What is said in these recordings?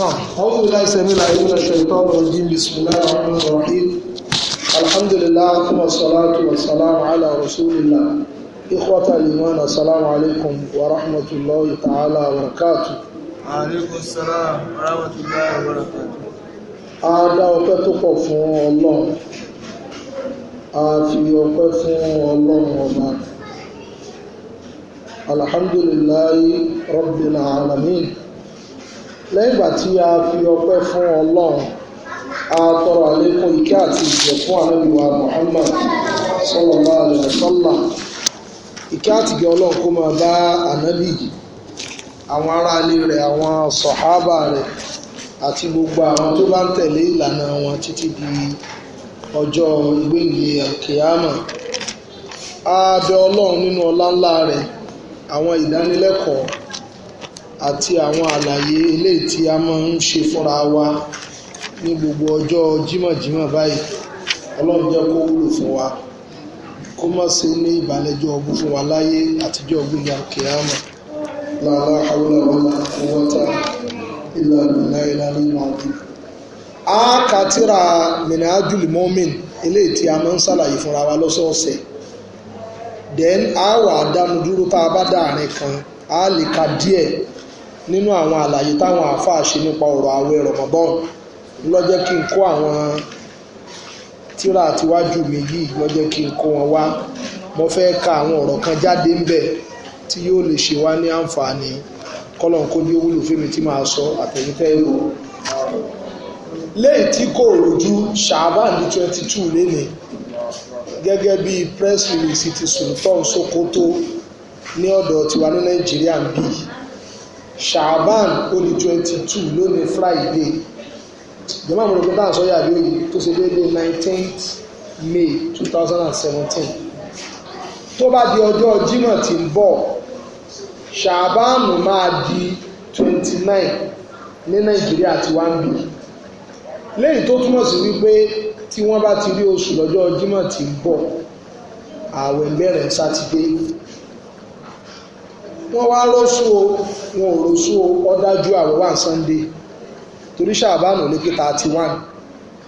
نعم أعوذ بالله السميع العليم من الشيطان الرجيم بسم الله الرحمن الرحيم الحمد لله ثم الصلاة والسلام على رسول الله إخوة الإيمان السلام عليكم ورحمة الله تعالى وبركاته عليكم السلام ورحمة الله وبركاته Ada ọpẹ́ tó الله fún Ọlọ́run, a fi الحمد لله Ọlọ́run العالمين lẹ́yìn ìgbà tí a fi ọpẹ́ fún ọlọ́run a tọrọ àlékún ìkẹ́ àti ìjẹ fún àlẹ́wìwá Muhammad sallallahu alaihi wasallam ìkẹ́ àti ìjẹ ọlọ́run kó máa bá ànábì àwọn aráalé rẹ̀ àwọn sọ̀hábà rẹ̀ àti gbogbo àwọn tó bá ń tẹ̀lé ìlànà wọn títí di ọjọ́ ìgbéǹde àkèámà a bẹ̀ ọlọ́run nínú ọlá ńlá rẹ̀ àwọn ìdánilẹ́kọ̀ọ́ àti àwọn àlàyé eléyìí tí a máa ń ṣe fúnra wa ní gbogbo ọjọ́ jímọ̀jímọ̀ báyìí ọlọ́run jẹ́ kó wúlò fún wa kó má ṣe ní ìbàlẹ́jọ́ ọgbọ́n fún wa láyé àtijọ́ ọgbọ́n ya kìámà láàlá àwòrán wọn wọ́tá ìlànà ìlànà nínú ọdún. a kà tíra minhajul mu'min eléyìí tí a máa ń ṣàlàyé fúnra wa lọ́sọ̀ọ̀sẹ̀ then a wà dánu dúró tá a bá dáàrin kan a lè ka díẹ̀ nínú àwọn àlàyé táwọn àáfàá ṣe nípa ọ̀rọ̀ àwẹ̀ rọ̀mọ́bọ́n lọ́jẹ́ kí n kó àwọn tíra àtiwájú mi yìí lọ́jẹ́ kí n kó wọn wá mo fẹ́ ka àwọn ọ̀rọ̀ kan jáde ń bẹ̀ tí yóò lè ṣe wá ní àǹfààní kọ́lọ̀n kó ní ó wúlò fún mi tí máa sọ àtẹ̀yìntẹ́ ìlú. léyìí tí kò rújú ṣàbàn ní twenty two lénìí gẹ́gẹ́ bí press release ti Sultan Sokoto ní ọ̀dọ̀ tiwa ní Nàìjíríà ń ṣàbán ó di twenty two lónìí friday jọba àwọn olùkọ́ bá ń sọ́yà bí òye tó ṣe déédéé nineteenth may two thousand and seventeen tó bá di ọjọ́ jímọ̀ tí ń bọ̀ ṣàbán máa di twenty nine ní nàìjíríà ti wá ń bì lẹ́yìn tó túmọ̀ sí wípé tí wọ́n bá ti rí oṣù lọ́jọ́ jímọ̀ tí ń bọ̀ ààwẹ̀ bẹ̀rẹ̀ sátidé wọ́n wá rọ́ṣù o wọn ò rọ́ṣù o ọ̀dájú àwẹ̀ wà Sunday torí ṣàbánù ní pé thirty one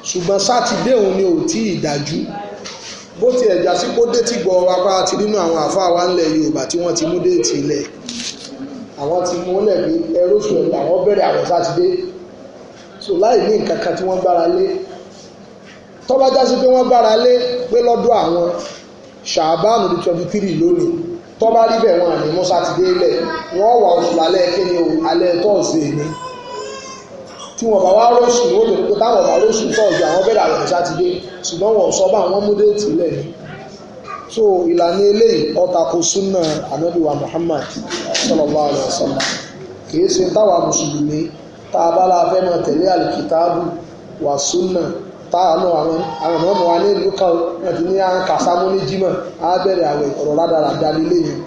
ṣùgbọ́n sátidé òun ni ò tí ì dájú bó ti ẹ̀já sí kó déètì gbọ́ apá ti nínú àwọn àfáà wa ńlẹ̀ Yorùbá tí wọ́n ti mú déètì ilẹ̀ àwọn ti mú lẹ̀bí ẹrú sùn ẹ̀dá wọ́n bẹ̀rẹ̀ àwọn sátidé so láì ní nǹkan kan tí wọ́n gbára lé tọ́bajá sí pé wọ́n gbára lé pé lọ́dọ̀ àwọn ṣàbánù di twenty three lónìí tó bá rí bẹ́ẹ̀ wọn àní mú sátidé lẹ̀ wọ́n wà oṣù lálẹ́ kíni o alẹ́ tọ́ọ̀sì ni tí wọn bá wá rọ́ọ̀sù ní òde tó táwọn bá rọ́ọ̀sù tọ́ọ̀sì àwọn bẹ́ẹ̀ dàrọ̀ ní sátidé ṣùgbọ́n wọn sọ bá wọn mú déètì lẹ̀ ni so ìlànà eléyìí ọ̀tàkù súnà anábìwà Muhammad sallallahu alaihi wasallam kìí ṣe táwa mùsùlùmí tá a bá la fẹ́ tẹ̀lé àlìkìtáàbù wà súnà táàánú àwọn àwọn ọmọ wa ní ìlú kan wọn ti ní àǹkàsámú ní jímọ̀ á bẹ̀rẹ̀ àwẹ̀ ọ̀rọ̀ rádaràda lílé yẹn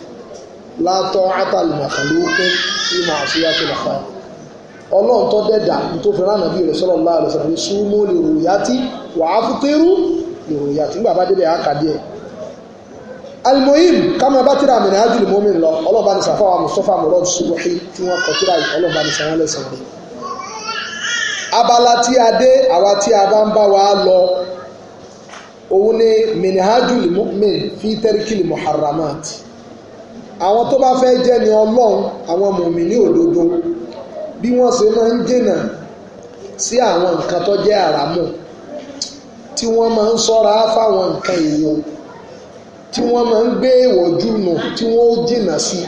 látọ̀ átàlùmọ̀kàn ló pé ìmọ̀ àṣeyá tó lọ́kọ̀ ọlọ́run tó dẹ̀dà tó fi ránà bí ìrẹsọ́lọ́ ńlá rẹ̀ sọ̀rọ̀ súnmọ́ lè ròyà wàá fún tẹ́rù lè ròyà nígbà bá débẹ̀ á kà díẹ̀ alimoyim kama batira amina ajuli momin lọ ọlọ́ba ní sàfà wa mustapha murad subuhi tí wọ́n kọ tíra yìí ọlọ́ba lẹ́sàn-án abala tí a dé àwa tí a bá ń bá wa lọ òun ni minhajul mu'min fi muharramat àwọn tó bá fẹ́ jẹ́ ni ọlọ́run àwọn mùmíní òdodo bí wọ́n ṣe máa ń jìnà sí àwọn nǹkan tó jẹ́ àràmù tí wọ́n máa ń sọ́ra fáwọn nǹkan èèwọ̀ tí wọ́n máa ń gbé èèwọ̀ jùnà tí wọ́n ó jìnà sí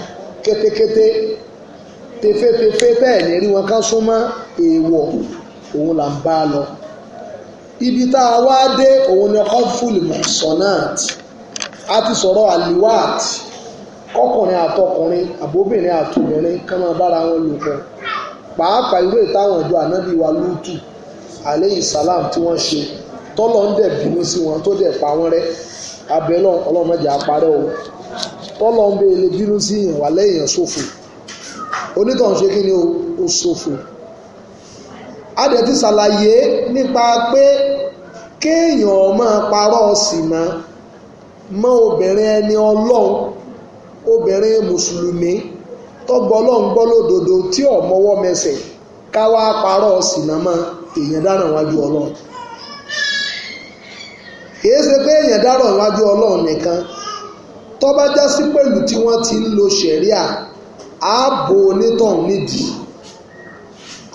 kétékété tefetefe rí wọn ká súnmọ́ èèwọ̀ òun là ń lọ ibi tá a wá dé òun ni a ti sọ̀rọ̀ àlìwáàtì kọkùnrin àtọkùnrin àbóbìnrin àtòbìnrin ká máa bára wọn lò pọ̀ pàápàá irú ìtàwọn ìjọ ànábì wa lútù aleyhi salam tí wọ́n ṣe tọ́lọ́ ń dẹ̀ bínú sí wọn tó dẹ pa wọ́n rẹ́ abẹ́lọ́ o ń o a dẹ̀ ti ṣàlàyé nípa pé kéèyàn máa parọ́ ṣìnà mọ́ obìnrin ẹni ọlọ́run obìnrin mùsùlùmí tọ́gbọ́ ọlọ́run gbọ́ lódodo tí ò mọwọ́ mẹsẹ̀ ká wá parọ́ ṣìnà mọ́ èèyàn wájú ọlọ́run kìí ṣe pé èèyàn nìkan sí tí wọ́n ti ń lo ṣẹ̀ríà ààbò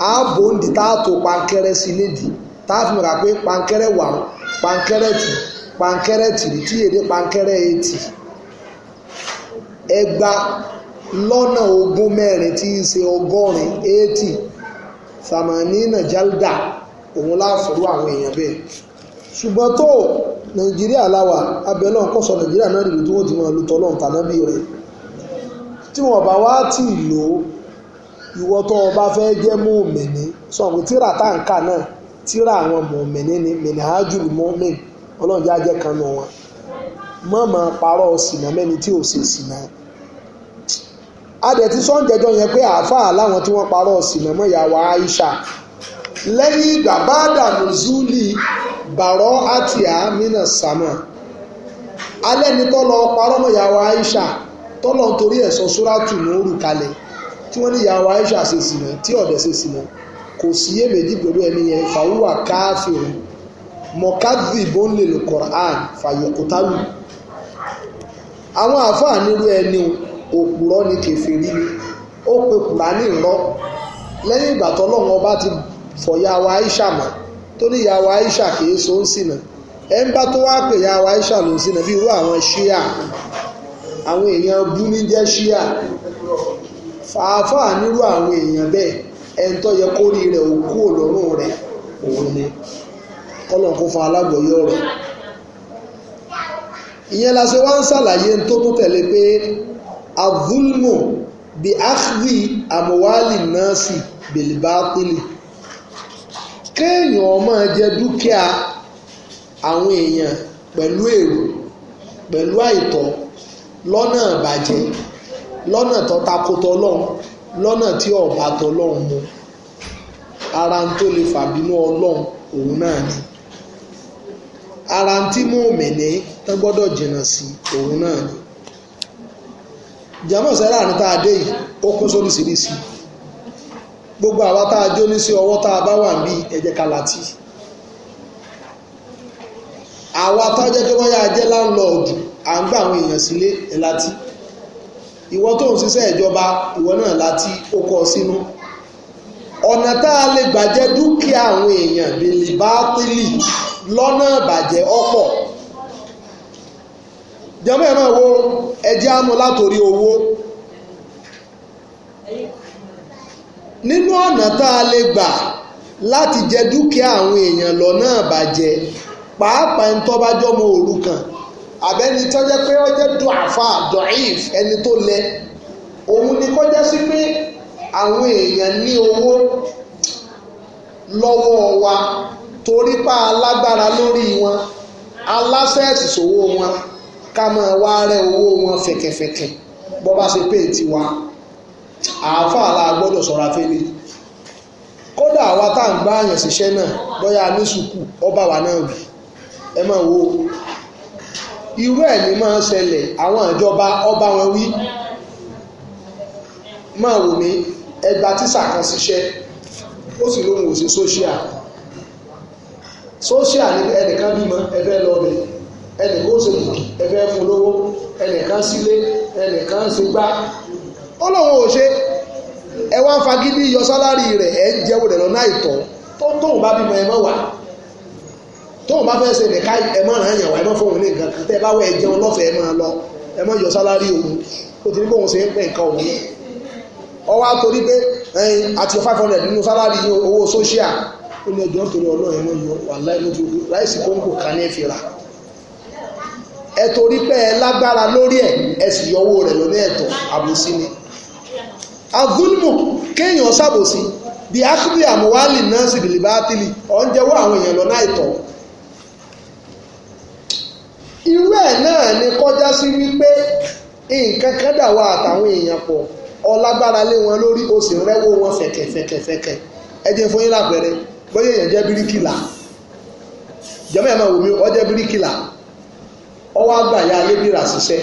ààbò ń di táàtò pankẹ́rẹ́ sí nídìí táàfin mọ̀ká pé pankẹ́rẹ́ wà pankẹ́rẹ́ tù pankẹ́rẹ́ tìrì tí èdè pankẹ́rẹ́ etì ẹgba lọ́nà ogún mẹ́rin tí í ṣe ọgọ́rin eighty samani nàjálda òun láàfọ̀rọ̀ àwọn èèyàn bẹ́ẹ̀ ṣùgbọ́n tó nàìjíríà láwà abẹ́lọ́ kọ́sọ nàìjíríà náà nìlú tí wọ́n ti mọ̀ lùtọ́ lọ́hùn tàná bí rẹ̀ tí wọ́n bá wá tì lò ìwọ tó ọba fẹ́ jẹ́ mùmìnì tira tíra tá n kà náà tíra àwọn ni mìnàájú mùmìn ọlọ́run jẹ́ kan nù wọn mọ̀mọ́ parọ́ sìnà mẹ́ni tí ò ṣe sìnà adẹ̀ tí yẹn pé àáfàá láwọn tí wọ́n parọ́ sìnà mọ́ ìyàwó Aisha lẹ́yìn ìgbà bá dànù zuli bàrọ́ àti àmínà sàmà alẹ́ ni tọ́lọ parọ́ mọ́ ìyàwó Aisha tọ́lọ̀ nítorí tí wọ́n ní ìyàwó Aisha ṣe sìnà tí ọ̀dẹ̀ ṣe sìnà kò sí iyèméjì pẹ̀lú ẹni yẹn fàwúwà káfíìn mọ̀kádì bóńlè lè Qur'an fàyọ̀kútálù àwọn àáfàá nírú ẹni òpùrọ́ ni kèfèrí ni ó pe Kùránì irọ́ lẹ́yìn ìgbà tọ́lọ́run ọba ti fọ̀yàwó Aisha mọ́ tó ní ìyàwó Aisha kì í so ń sìnà ẹ̀ ń bá tó wá pè ìyàwó Aisha ló ń sìnà bí irú àwọn ṣíà àwọn èèyàn bú ní jẹ́ ṣíà àáfàá nírú àwọn èèyàn bẹ́ẹ̀ ẹni tó yẹ kórì rẹ̀ ò kú òlọ́rùn rẹ̀ òun ni kọ́lọ̀ fa alágbọ̀yọ́ rẹ̀ ìyẹn la ṣe wá ń ṣàlàyé tó tó tẹ̀lé pé avulmo bi akhdi amuwali nasi bilbatili kéèyàn máa jẹ dúkìá àwọn èèyàn pẹ̀lú èrò pẹ̀lú àìtọ́ lọ́nà àbàjẹ́ lọ́nà tó takotọ ọlọ́run lọ́nà tí ọ̀bà tọlọ́run mu ara ń tó lè fàbínú ọlọ́run òun náà ni ara ń tí mòmìnì tán gbọ́dọ̀ jìnnà sí òun náà ni jàmọ́ sẹ́rà ní tá a dé yìí ó kún sóríṣiríṣi gbogbo àwa tá a jó ní sí ọwọ́ tá a bá wà níbi ẹ̀jẹ̀ kalatí àwa tá jẹ́ kí wọ́n yá a jẹ́ láńlọ́ọ̀dù à ń gbà àwọn èèyàn sílé ẹ̀ láti. ìwọ tó ń ṣiṣẹ́ ìjọba ìwọ náà láti ó kọ sínú ọ̀nà tá a lè gbàjẹ́ dúkìá àwọn èèyàn bìlì lọ́nà ìbàjẹ́ ọ̀pọ̀ jẹ́mọ́ ẹ̀rọ wo ẹjẹ́ àmú látòrí owó nínú ọ̀nà tá a lè gbà láti jẹ dúkìá àwọn èèyàn lọ́nà ìbàjẹ́ pàápàá ń tọ́bájọ́mọ kan àbẹ́ni tó jẹ́ pé ó jẹ́ dùàfà dọ̀ìf ẹni tó lẹ òun ni kó jẹ́ sí pé àwọn èèyàn ní owó lọ́wọ́ wa torí pa alágbára lórí wọn aláṣẹ́ẹ̀sì sòwò wọn ká máa wá rẹ owó wọn fẹ̀kẹ̀fẹ̀kẹ̀ bọ́ bá ṣe pé tiwa àáfàá la gbọ́dọ̀ sọ̀ra fẹ́lẹ́ kódà àwa tá à ń gbá àyàn ṣiṣẹ́ náà bóyá ní sùkú ọba wa náà wì ẹ máa wo irú ẹ̀ ní máa ṣẹlẹ̀ àwọn ìjọba ọba wọn wí máa wò mí ẹgbà tíṣà kan ṣiṣẹ́ ó sì lóhun òsì sóṣíà sóṣíà ní ẹnìkan bímọ ẹfẹ́ lọ́bẹ̀ ẹnìkan ó ṣe bùkì ẹfẹ́ fún lówó ẹnìkan sílé ẹnìkan ṣe gbá ó lóhun ò ṣe ẹ wá ń fagídí yọ sálárì rẹ̀ ẹ ń jẹ́wọ́ rẹ̀ lọ́nà àìtọ́ tó tóun bá bímọ ẹ mọ́ wàá tóun bá fẹ́ ṣe nìka ẹ mọ́ ràn yàn wá ẹ mọ́ fóun ní nǹkan tẹ́ ẹ bá wọ ẹ jẹun lọ́fẹ̀ẹ́ máa lọ ẹ mọ́ yọ sálárì òun ó ti ní kóun ṣe ń pè nǹkan òun ọwọ́ àtòrí pé àti five hundred nínú sálárì owó social ó ní ọjọ́ nítorí ọlọ́run ẹ̀wọ̀n yọ wàhálà ẹ̀wọ̀n tó kú ráìsì kóńgò kan ní ìfira ẹ torí pé ẹ lágbára lórí ẹ ẹ sì yọ owó rẹ lọ ní ẹ̀tọ́ àbòsí ni azulmu kéèyàn ṣàbòsí bí akíbi àmúwálì náà sì bìlì bá tìlì ọ̀ ń jẹ́wọ́ àwọn èèyàn lọ náà ìtọ̀ irú ẹ̀ náà ni kọjá sí wípé nǹkan kan dà wá àtàwọn èèyàn pọ̀ ọlágbára lé wọn lórí o sì rẹ́wọ́ wọn fẹ̀kẹ̀fẹ̀kẹ̀fẹ̀kẹ̀ ẹ jẹ́ fún yín lápẹ̀rẹ̀ bóyá èèyàn jẹ́ bíríkìlà jẹ́mọ̀ ẹ̀ máa wò mí ọ jẹ́ bíríkìlà ọwọ́ àgbà ya alébìrà ṣiṣẹ́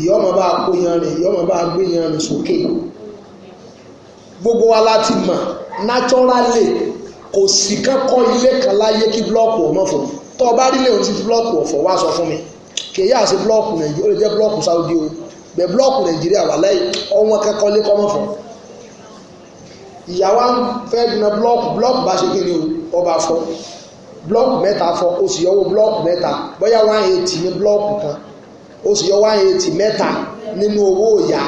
ìyá ọmọ bá kó yan rìn ìyá ọmọ bá gbé yan rìn sókè gbogbo wa láti mọ̀ naturally kò sí kankan ilé kan láyé kí búlọ́ọ̀kù ọmọ fún mi tó o bá rí lè o ti búlọ́ọ̀kù ọ̀fọ̀ wá sọ fún mi kèyí àti búlọ́ọ̀kù nàìjíríà ó lè jẹ́ búlọ́ọ̀kù Saudi o bẹ̀ búlọ́ọ̀kù nàìjíríà wà lẹ́yìn ọwọ́n kẹ́kọ́ lé kọ́mọ̀ fún ìyàwó fẹ́ gbìnà búlọ́ọ̀kù búlọ́ọ̀kù bá ṣe kíni o ọba fọ búlọ́ọ̀kù mẹ́ta fọ ó sì yọwọ́ búlọ́ọ̀kù mẹ́ta bóyá one eighty ní búlọ́ọ̀kù kan ó sì yọ one eighty mẹ́ta nínú owó ìyá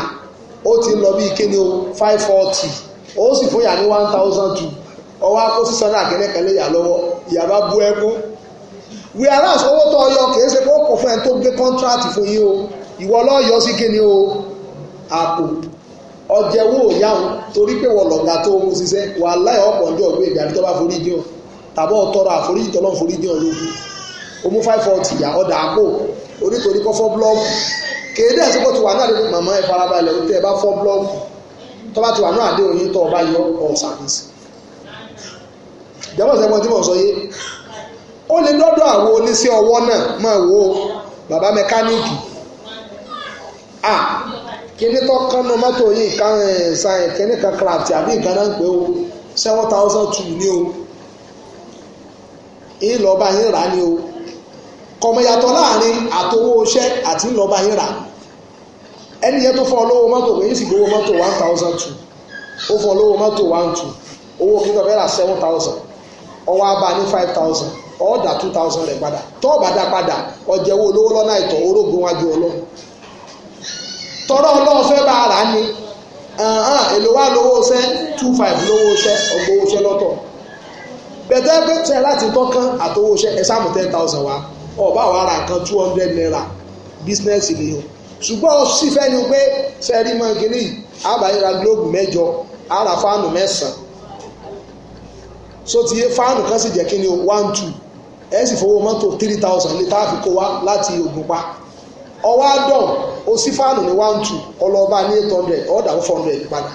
ó ti ń lọ bíi kíni o five forty ó sì fún ìyá ní one thousand two ọwọ́ akó sísan náà kẹ́lẹ́kẹ́lẹ́ ìyá lọ́wọ́ ìyá bá ẹkún We whereas owó tó ọyọ kìí ṣe pé ó kò fún ẹ tó gbé contract fún yín o ìwọ lọ́yọ̀ sí kí ni o àpò ọjẹ́wó òyàwó torí pé wọ́n lọ̀gá tó mú ṣiṣẹ́ wà láì ọ̀pọ̀ ọjọ́ ògbé ìgbà tó bá forí díọ̀ tàbí ọ̀tọ́rọ̀ àforíjì tọ́lọ́ forí díọ̀ ló o mú five forty yà ọ̀dà àpò onítorí kọ́ fọ́ blọ́ọ̀kù kéde àti kó ti wà náà lè màmá ẹ farabalẹ̀ ó tẹ́ ẹ bá fọ́ blọ́ọ̀kù tó bá ti wà náà àdéhùn yín tó ọba yọ ọ̀ sàmìsì jẹ́wọ́n sẹ́wọ́n tí mo sọ yé ó lè lọ́dọ̀ àwọn oníṣẹ́ ọwọ́ náà máa wo bàbá mẹkáníìkì à kíní tó kánú mọ́tò yìí kan ṣàyìn kíní kan craft àbí nǹkan náà ń pè ó seven thousand two ní o ìlọba yín rà ní o kọmọyàtọ̀ láàrin àtowó iṣẹ́ àti ìlọba yín rà ẹni yẹn tó fọ olówó mọ́tò pé yín sì gbowó mọ́tò one thousand two ó fọ olówó mọ́tò one two owó kí n fẹ́ rà seven thousand ọwọ́ abá ní five thousand ọ̀ọ́dà two thousand rẹ̀ padà tọ́ọ̀bà dá padà ọ̀jẹ̀wò olówó lọ́nà ìtọ̀ orógun wájú ọlọ́run tọ́rọ ọlọ́run fẹ́ bá ara ni èlò wa lówó ṣẹ́ two five lówó ṣẹ́ ọgbówó ṣẹ́ lọ́tọ̀ bẹ̀tẹ́ pé ṣe láti tọ́kán àtowó ṣẹ́ ẹ sáàmù ten thousand wa ọ̀bá wa ra nǹkan two hundred naira business ni o ṣùgbọ́n ó sì fẹ́ ni pé sẹ́rí mọ́ kínní àbáyéra globe mẹ́jọ ara fáànù mẹ́sàn-án so ti yé fáànù kan sì jẹ́ kínní one two ẹ sì fowó mọ́tò three thousand lè táàfì kó wá láti Ògùnpa ọwọ́ àdán o sí fáànù ní one two ọlọ́ọ̀bá ní eight hundred ọ̀dà four hundred padà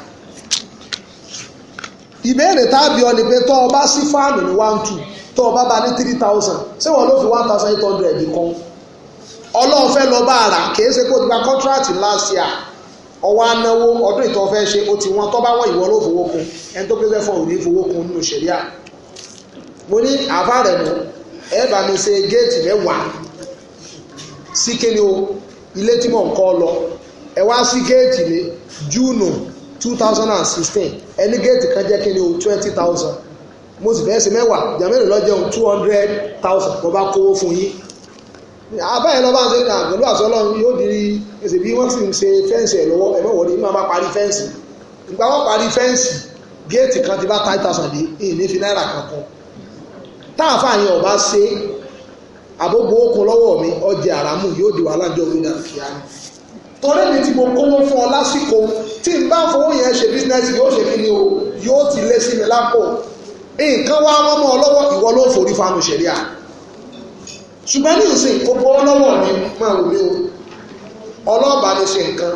ìbéèrè tábì ọ ni pé tọ́ ọ bá sí fáànù ní one two tọ́ ọ bá ní three thousand ṣé wọ́n ló fi one thousand eight hundred kan ọlọ́run fẹ́ lọ bá ara kìí ṣe kó ti gba contract last year ọwọ́ anáwó ọdún ìtọ́ fẹ́ ṣe ó ti wọ́n tọ́ bá wọ́n ìwọ ló fowó kun ẹni tó pé fẹ́ fọ́ òní fowó kun nínú ṣẹ̀ríà mo ní àbá rẹ̀ mọ́ ẹ mi ṣe géètì mẹ́wàá o ilé tí mò ń kọ́ lọ ẹ wá sí géètì ní júùnù 2016 ẹni géètì kan jẹ́ kíni o 20000 mo sì fẹ́ mẹ́wàá lọ jẹun two bá kówó fún yín abáyé lọ́ba ń na ní yóò di ẹsẹ̀ bí wọ́n sì ń ṣe fẹ́ǹsì ẹ̀ lọ́wọ́ kan ti bá ìní fi náírà táàfà yẹn ọba ṣe àbógbó okun lọ́wọ́ mi ọjẹ́ àràmù yóò di wàhálà jọ gbé náà kíá ni torí mi tí mo kówó fún ọ lásìkò tí n bá fowó yẹn ṣe bísínẹ́sì yóò ṣe kí ni o yóò ti lé sí mi lápò nǹkan wá wọ́n mọ́ ọ lọ́wọ́ ìwọ ló forí fanu ṣẹ̀ríà ṣùgbọ́n ní ìsìn gbogbo ọlọ́wọ́ mi máa wò mí o ọlọ́ọ̀bà ni ṣe nǹkan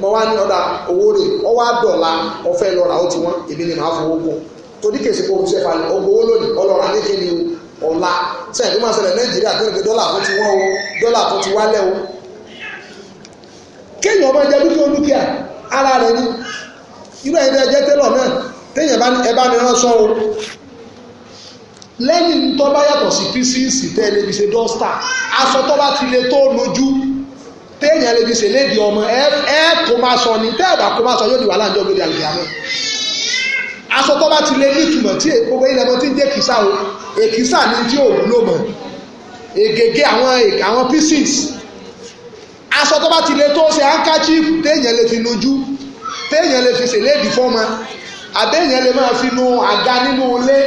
mo wá ní ọ̀dà owó rè ọwọ́ àdọ̀la ọ̀fẹ́ lọ́ra ó ti wọ́n èmi ni màá fowó kún torí kèsì kò ṣe fà ọgbọ owó lónìí ọlọ́run adé kéde o ọ̀la sẹ́yìn tó máa ṣẹlẹ̀ nàìjíríà tó ń pe dọ́là tó ti wọ́n o dọ́là tó ti wálẹ̀ o kéèyàn ọmọ ẹjẹ dúkìá olúkìá ara rẹ̀ ni irú ẹ̀yìn ẹjẹ tẹ́lọ̀ náà téèyàn ẹ bá mi ránṣọ́ o lẹ́yìn tó bá yàtọ̀ sí písíìsì tẹ́ ẹ lè fi ṣe dọ́stà aṣọ tó bá ti le tó lójú téèyàn lè fi ṣe lédi ọmọ ẹ kó má sọ ni tẹ́ ẹ bá kó má sọ yóò di wàhálà ń aṣọ tó bá ti lé nítumọ̀ tí gbogbo ilẹ̀ mọ́ ti ń jẹ́ kìsà o èkìsà ni tí ò wúlò mọ́ ègègé àwọn àwọn pieces aṣọ tó bá ti lé tó ṣe handkerchief téèyàn lè fi nujú téèyàn lè fi ṣèlédìí fọ́mọ àbẹ́yẹn lè máa fi nu àga nínú ilé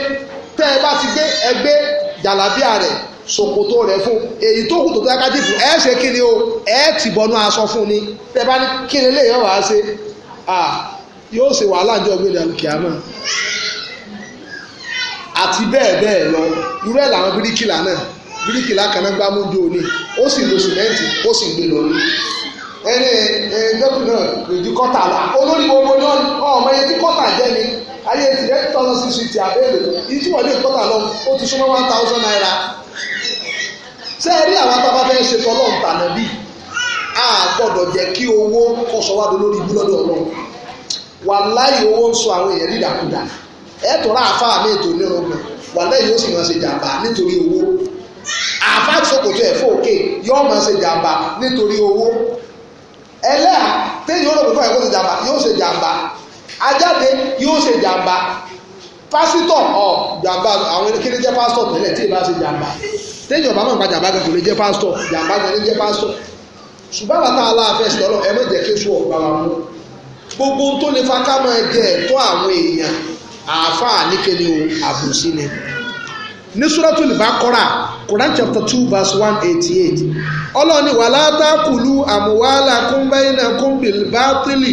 tẹ́ ẹ bá ti gbé ẹgbẹ́ jàlábíà rẹ̀ ṣòkòtò rẹ̀ fún èyí tó kù tó tẹ́ kájí fún ẹ ṣe kí ni o ẹ ti bọnú aṣọ fún ni tẹ́ bá ní kí ni lè yẹn wàá ṣe yóò ṣe wàhálà jọ gbéra kìámà àti bẹ́ẹ̀ bẹ́ẹ̀ lọ irú ẹ̀ làwọn bíríkìlà náà bíríkìlà kan náà gbá mójú òní ó sì lo sìmẹ́ǹtì ó sì gbé lọ rí ẹni ẹgbẹ́bù náà lòdì kọ́tà la olórí gbogbo ní ọmọ ẹyẹ tí kọ́tà jẹ́ ni ayé tìrẹ́ two thousand six fifty abẹ́lẹ̀ ìtú wọ́n lè kọ́tà lọ ó ti súnmọ́ one thousand naira ṣé ẹ rí àwọn àtàwọn fẹ́ ṣe tọ́lọ́ ntànà bíi a jẹ́ kí owó kọ́sọ́wádó lórí ibú lọ́dọ̀ ọlọ́run wàláyé owó ń sọ àwọn èèyàn dídàkudà ẹ tó rà àfa mi ètò onírúurú wàláyé yóò sì máa ṣe jàmbá nítorí owó àfa ṣòkòtò ẹ̀fọ́ òkè yóò máa ṣe jàmbá nítorí owó ẹlẹ́à téèyàn olóògùn fún ẹ̀kọ́ ṣe jàmbá yóò ṣe jàmbá ajáde yóò ṣe jàmbá pásítọ̀ ọ̀ jàmbá àwọn kí ni jẹ́ pásítọ̀ tẹ́lẹ̀ tí ì bá ṣe jàmbá téèyàn bá mọ̀ nípa jàmbá gan kò lè jẹ́ pásítọ̀ jàmbá gan lè jẹ́ pásítọ̀ ṣùgbọ́n bàtà aláàfẹ́ sí ọlọ́ ẹ má jẹ́ kéṣù ọ̀gbà wa mú gbogbo tó lè fa ká máa jẹ ẹ̀tọ́ àwọn èèyàn àáfàá nìkẹ́ni o àbòsí ni ní suratul Baqara Quran chapter two verse one eighty eight ọlọ́ni wala takulu amwalakum bainakum bil batili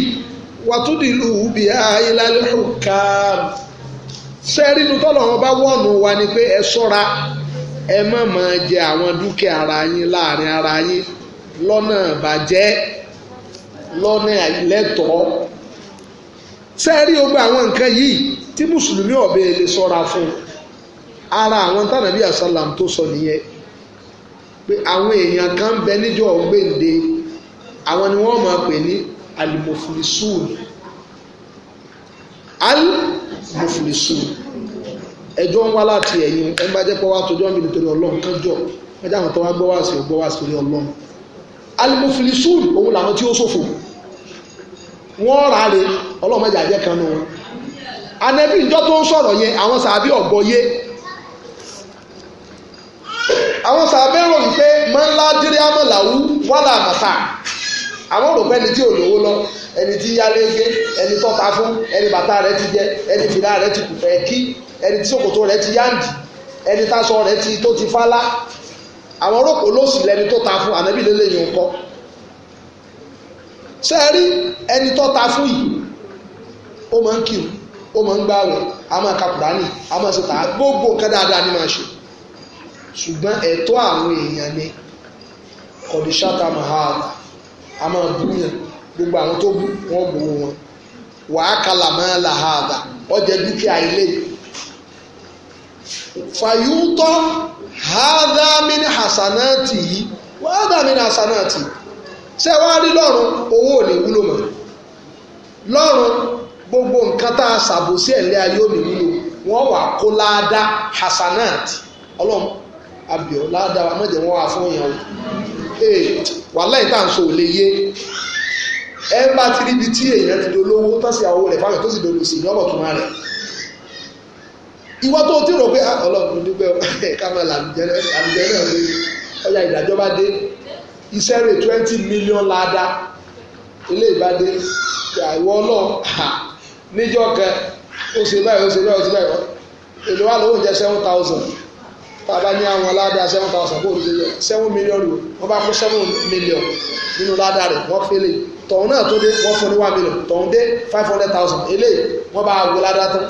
wàtúndìlú biha ilal hukam sẹ́rínú tọ́lọ́run bá wọ̀nù wa ni pé ẹ ṣọ́ra ẹ má máa jẹ àwọn dúkìá ara yín láàrin ara yín lọ́nà bàjẹ́ lọ́nà àìlẹ́tọ̀ọ́ ṣé ẹ rí gbogbo àwọn nǹkan yìí tí mùsùlùmí ọ̀bẹ lè sọ́ra fún ara àwọn tànàbí àsálàm tó sọ nìyẹn pé àwọn èèyàn kan bẹ níjọ́ gbèǹde àwọn ni wọ́n máa pè ní alimofulisun alimofulisun ẹjọ́ ń wá láti ẹ̀yìn ẹ̀ ń bá jẹ́ pọ́ wá tójọ́ mi nítorí ọlọ́run kan jọ ẹ dáhùn tó wá gbọ́ wá sí ọ gbọ́ wá sí orí ọlọ́run alimofulisun òun làwọn tí ó ṣòfò wọ́n rà rè é ọlọ́run mẹ́jọ àjẹ́ kan nù wọn anabi ìjọ tó ń sọ̀rọ̀ yẹn àwọn sàbí ọ̀gbọ́yé àwọn sàbí rò wípé mọ́nlá díríàmù làwú wàlà àmàsà àwọn rò pé ẹni tí ò lówó lọ ẹni tí yálé gé ẹni tọ́ta fún ẹni bàtà rẹ ti jẹ ẹni fìlà rẹ ti kùfẹ́ kí ẹni tí ṣòkòtò rẹ ti yáǹdì ẹni tásọ rẹ ti tó ti fálá àwọn rò pé lóṣù lẹni tó ta fún ànábì lélẹ́yìn nǹkan ṣé ẹ rí ẹni tọ́ta fún yìí ó máa ń kírun ó máa ń gbààwẹ̀ a máa ka kùránì a máa ṣe tàá gbogbo nǹkan dáadáa ni máa ṣe ṣùgbọ́n ẹ̀tọ́ àwọn èèyàn ni mahala a máa bú gbogbo àwọn tó bú wọn gbowó wọn wàá kàlà máa là ha àdà ọjà dúkìá ilé fàyúntọ́ hádámínì hasanati yìí hádámínì hasanati ṣé wàá rí lọ́rùn owó ò ní wúlò mọ́ lọ́rùn gbogbo nǹkan tá a ṣàbòsí ẹ̀lẹ́ ayé òní nínú wọ́n wà kó láàdá hasanat ọlọ́run abiyọ̀ láàdá wa mọ̀jẹ̀ wọ́n wà fún yẹn o wàhálà ìta ń sọ ò lè yé ẹ bá ti ríbi tí èèyàn ti dolówó tó sì àwọ̀ rẹ̀ fáwọn tó sì dolò sí ní ọ̀bọ̀ tó máa rẹ̀ ìwọ́n tó ti rò pé ah, ọlọ́run dúpẹ́ kámẹ́ làlùjẹ́ náà lé ọjà ìdájọ́ bá dé iṣẹ́ rẹ̀ twenty million láàdá ilé ìbádé ìwọ́ ọlọ́run níjọ́ kan ó ṣe báyìí ó ṣe báyìí ó báyìí èlò wa lówó seven thousand tàbá ní àwọn ládàá seven thousand kó o ṣe yẹ seven million rò wọ́n bá kó seven million nínú ládàá rẹ̀ wọ́n fẹ́lẹ̀ tọ̀hún náà tó dé wọ́n fún ní one million tọ̀hún dé five hundred thousand eléyìí wọ́n bá wọ ládàá tán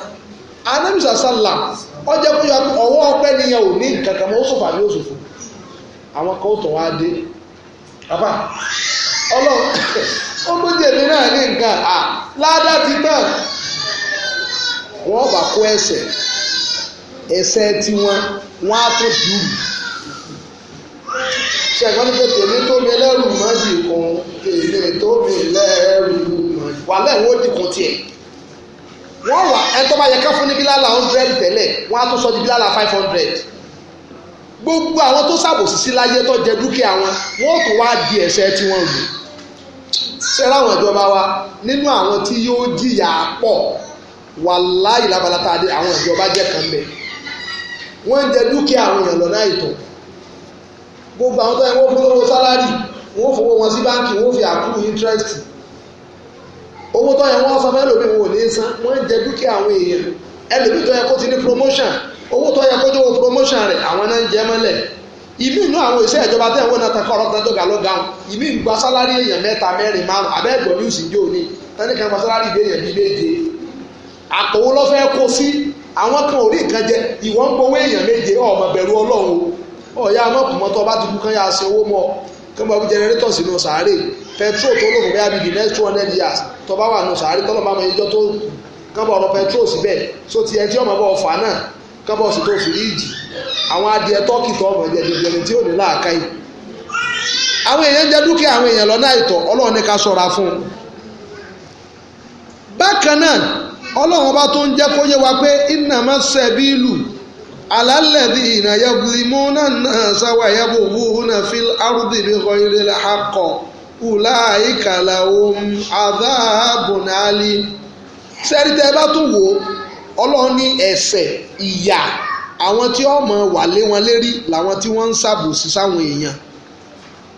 anamisa sálà ọjọ́ kó yọ ọwọ́ ọpẹ́ nìyẹn ò ní nǹkan kan mọ́ ó sòfò àwọn kan ó tọ̀ wá dé bàbá ó tó jèmi náà ní nǹkan à ládá ti tàn wọ́n bá kó ẹsẹ̀ ẹsẹ̀ tiwọn wọ́n á tó dùrù ṣẹ̀gbọ́n ní pé tèmi tó mi lẹ́rù mọ́ di kùn tèmi tó mi lẹ́rù mọ́ wà lẹ́wọ̀n ó dìkùn tiẹ̀ wọ́n wà ẹ tó bá yẹ ká fún ní bílálà hundred tẹ́lẹ̀ wọ́n á tún sọ di bílálà five hundred gbogbo àwọn tó ṣàbòsí sí láyé tó jẹ dúkìá wọn wọ́n tó wá di ẹ̀ṣẹ̀ tiwọn lò ṣé ráwọn ìjọba wa nínú àwọn tí yóò jìyà pọ̀ wàláhì lábala tá a dé àwọn ìjọba jẹ́ kan bẹ̀ wọ́n ń jẹ dúkìá àwọn èèyàn lọ́nà àìtọ́ gbogbo àwọn tó wọ́n fowó sálárì wọ́n fowó wọn sí báńkì wọ́n fi interest owó tó yẹ wọ́n san fẹ́ lómi ní san wọ́n ń jẹ dúkìá àwọn èèyàn ẹlòmíì tó yẹ kó ti ní promotion owó tó yẹ kó ìmí inú àwọn iṣẹ́ ìjọba tẹ̀ ń wọ́n náà tẹ̀kọ́ ọ̀rọ̀ tán dọ́gà lọ́gà wọn ìmí ìgbà sálárì èèyàn mẹ́ta mẹ́rin márùn abẹ́ẹ̀gbọ́n ní òsì jò ní tẹ́nìkan gba sálárì ìdè èèyàn bíi méje àpòwó lọ́ fẹ́ kó sí àwọn kan ò rí nǹkan jẹ ìwọ ń gbowó èèyàn méje ọmọ bẹ̀rù ọlọ́run ọ̀ya amọ̀kùnmọ́tọ́ bá ti kú kán yá ṣe owó mọ́ kán bá wí jẹnẹrétọ̀ sínú sàárè pẹtrol tó lóògùn bẹ́ẹ̀ bíi the next two hundred years tó bá wà nù sàárè tọ́lọ́ bá mọ ẹjọ́ tó kán bá ọ̀rọ̀ pẹtrol síbẹ̀ so ti ẹ tí ọmọ bá ọ̀fà náà kábọ̀sì tó fìríìjì àwọn adìẹ tọ́kì tó ọmọ ẹni tí ò ní láàká yìí àwọn èèyàn jẹ dúkìá àwọn èèyàn lọ́nà àìtọ́ ọlọ́run ní ká sọra fún un bákan tó ń kó yé wa pé iná ìlú náà náà fi arúgbìn ilé akọ ùlà ìkàlà ohun àdáàbò náà lé bá ọlọ́run ní ẹ̀ṣẹ̀ ìyà àwọn tí ọmọ wà lé wọn lérí làwọn tí wọ́n ń ṣàbòsí sáwọn èèyàn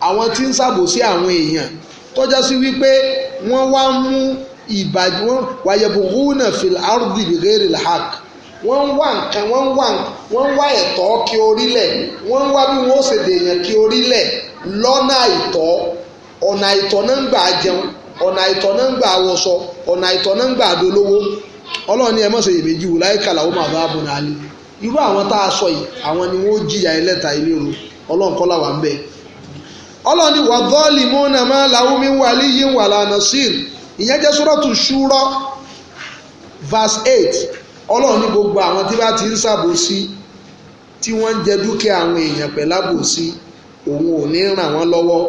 àwọn tí ń ṣàbòsí àwọn èèyàn tọ́já sí wípé wọ́n wá mú ìbàjẹ́ wọn wàyẹ̀bù húnà fìl ardi bìgẹ́rì làhàk wọ́n ń wá nǹkan wọ́n ń wá wọ́n ń wá ẹ̀tọ́ kí orílẹ̀ wọ́n ń wá bí wọ́n ó ṣe dèèyàn kí orílẹ̀ lọ́nà àìtọ́ ọ̀nà àìtọ́ náà ń gbà jẹun ọ̀nà àìtọ́ náà ń gbà wọṣọ ọ̀nà àìtọ́ náà ń gbà dolówó ọlọ́run ní ẹ mọ̀ sẹ́yìn méjì wò láyé kàlà ó máa bá bùn náà lé irú àwọn tá a sọ yìí àwọn ni wọ́n jìyà ẹlẹ́ta ilé o ọlọ́run kọ́ làwọn ń bẹ ọlọ́run ní wàgọ́ọ̀lì múnà máa làwọn mi wà líyì wà lànà síl ìyẹn jẹ́ sọ́rọ́tù ṣúrọ́ verse eight ọlọ́run ní gbogbo àwọn tí bá ti ń ṣàbòsí tí wọ́n ń jẹ dúkìá àwọn èèyàn pẹ̀lábòsí òun ò ní ràn wọ́n lọ́wọ́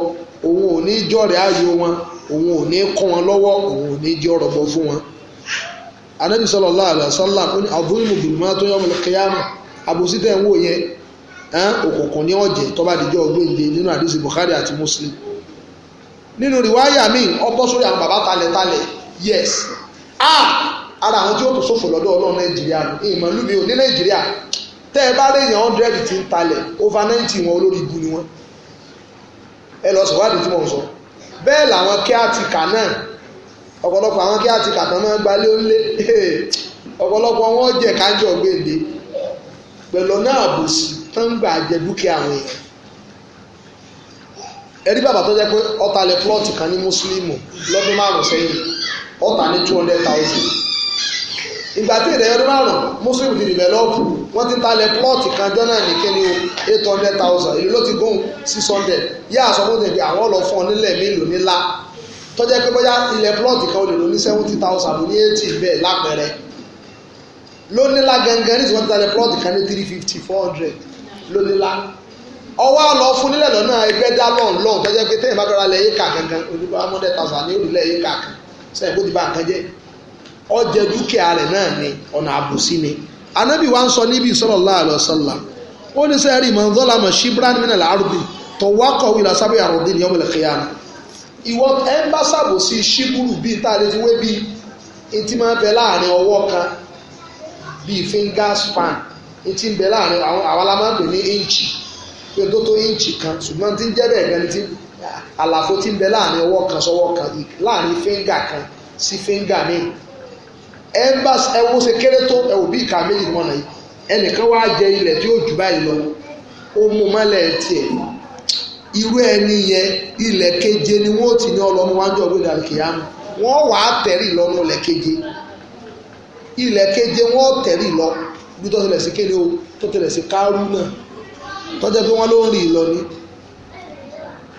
òun ò ní jọ̀rẹ̀ ayọ̀ wọn òun ò ní kọ́ wọn lọ́wọ́ òun ò ní jẹ́ ọ̀rọ̀ fún wọn anabi sallallahu alaihi wasallam ó ní àbúrúmù bùrùmá tó yọ ọmọlẹ kíyàmà àbòsí tẹ̀ ń wò yẹn òkùnkùn ní ọ̀jẹ̀ tó bá dijọ́ gbéǹde nínú àdìsí Bukhari àti Muslim nínú rìwáyà mi ọbọ sórí àwọn bàbá talẹ̀ talẹ̀ yes ah ara àwọn tí ó tó ṣòfò lọ́dọ̀ Ọlọ́run Nàìjíríà ìmọ̀lú mi ò ní Nàìjíríà tẹ́ ẹ bá léèyàn hundred ti ń talẹ̀ over ninety wọn olórí ibu ni wọn ẹ lọ sọ̀wádìí tí mo sọ bẹ́ẹ̀ làwọn kíá ti kà náà ọ̀pọ̀lọpọ̀ àwọn kí á ti kàtàn máa gbalé ó lé ọ̀pọ̀lọpọ̀ wọn jẹ kájọ gbèdé pẹ̀lú ọ̀nà àbòsí tó ń gbà jẹ dúkìá àwọn èèyàn ẹ̀rí bàbá tó jẹ́ pé ọ̀tá lẹ plọ́ọ̀tì kan ní mùsùlùmù lọ́dún márùn sẹ́yìn ọ̀tá ní two hundred thousand ìgbà tí ìdẹ̀yẹ ọdún márùn mùsùlùmù ti dìvẹ́lọ́pù wọ́n ti ta lẹ plọ́ọ̀tì kan jọ́nà ní o eight hundred thousand èlò ló ti gún six hundred yíyá àsọmọ́tò ìgbà àwọn ọ̀lọ́ nílẹ̀ mélòó nílá tọ́jẹ́ pé bóyá ilẹ̀ plọ́ọ̀tì kan ó lè lò ní seventy thousand ní eighty bẹ́ẹ̀ lápẹ̀rẹ̀ lónílá gangan ní ìsìnkú tẹ̀lé plọ́ọ̀tì kan ní three fifty four hundred lónílá ọwọ́ àlọ́ fún nílẹ̀ lọ́nà ẹgbẹ́ dá lọ́n lọ́n tọ́jẹ́ pé téèyàn bá dọ́ra lẹ̀ yíkà gangan onígbà one hundred thousand ní òrùlẹ̀ yíkà kan sẹ́yìn kó ti bá nǹkan jẹ́ ọjẹ́ dúkìá rẹ̀ náà ni ọ̀nà àbòsí ni anábì wa ń sọ níbi sallallahu alaihi wasallam ìwọ ẹ ń bá ṣàbòsí ṣíbùrù bíi tá a lè fi wé kan bíi finger span etí ń bẹ láàrin àwọn àwọn ní kan ṣùgbọ́n tí ń jẹ́ bẹ́ẹ̀ gan ti àlàfo tí ń bẹ láàrin kan sọwọ́ finger kan sí finger míì ẹ ń bá ṣe kéré tó ìka méjì mọ́nà yìí ẹnìkan wá jẹ ilẹ̀ tí irú ẹni yẹn ilẹ̀ keje ni wọ́n ti ní ọlọ́nu wájú ọ̀gbìn àlùkìyàmù wọ́n wà á tẹ̀rí lọ́nu ilẹ̀ keje ilẹ̀ keje lọ bí tó tẹ̀lẹ̀ sí kéde o tó tẹ̀lẹ̀ sí kárú náà pé wọ́n ló ń rìn lọ ní.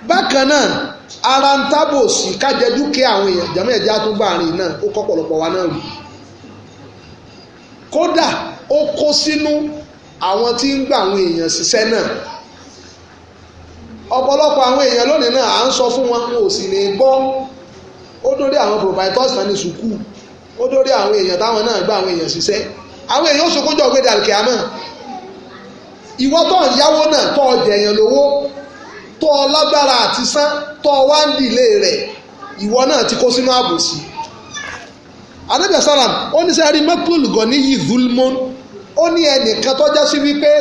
bákan náà ara ń tábò sí kájẹ dúkìá àwọn èèyàn jàmọ́ ẹ̀já tó bá náà ó kọ́ pọ̀lọpọ̀ wa náà rí kódà ó kó sínú àwọn tí ń gbà àwọn ọ̀pọ̀lọpọ̀ àwọn èèyàn lónìí náà à ń sọ fún wọn kò sì ní gbọ́ ó dórí àwọn proprietors kan ní sùkúù ó dórí àwọn èèyàn táwọn náà gba àwọn èèyàn ṣiṣẹ́ àwọn èèyàn ó sokójọ gbé dàlùkì àmọ́ ìwọ tó ń yáwó náà tó ọ jẹyàn lówó tó ọ lágbára àti san tó ọ wá ń dìlé rẹ̀ ìwọ náà ti kó sínú àbòsí anabi asalam ó ní sẹ́rí mẹ́kúlù gan ní yìí zulmon ó ní ẹnìkan tó já sí wípé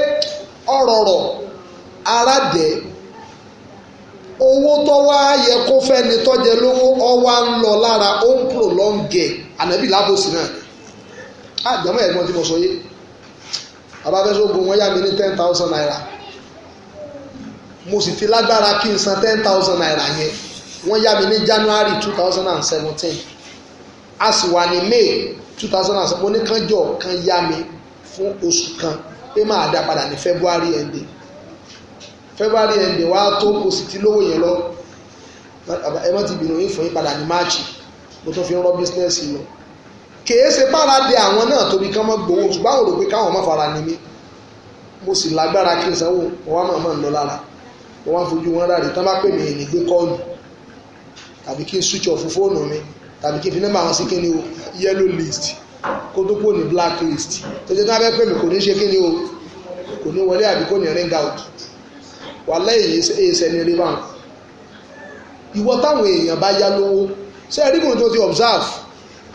ọ̀rọ̀rọ̀ ara dẹ̀ owó tó wá yẹ kó fẹ́ni tọ́jẹ lówó ọwá ń lọ lára ó ń prolonge ànábì lábòsí náà ah, àjọmọ́ ẹ̀gbọ́n tí mo sọ yé abáfẹ́sọ́gun wọn yá mi ní ten thousand naira mo sì ti lágbára kí n san ten thousand naira yẹn wọ́n yá mi ní January two thousand and seventeen a sì wà ní May two thousand and seventeen mo ní kánjọ kan yá mi fún oṣù kan pé máa dá padà ní February ending february end wa tó kò sì ti lówó yẹn lọ ẹ má ti bínú yín fún yín padà ní máàcì mo tún fi ń rọ bísínẹ́sì lọ kèé ṣe fara de àwọn náà torí kán mọ́ gbowó ṣùgbọ́n àwọn rò pé káwọn má fara ni mí mo sì lágbára kí n sanwó mo wá màmá ń lọ lára mo wá fojú wọn láre tán bá pè mí ní gbé kọ́ọ̀lù tàbí kí n switch off fóònù mi tàbí kí n fi nọ́mbà wọn sí kí ni o yellow list kó tó pò ní black list tó jẹ́ tó bá fẹ́ pè mí kò ní ṣe kí ni o kò ní wọlé àbí kò ní ring out wà lẹ́yìn ẹsẹ̀ ní rí báwọn ìwọ táwọn èèyàn bá yá lówó ṣé rí mò tó ti observe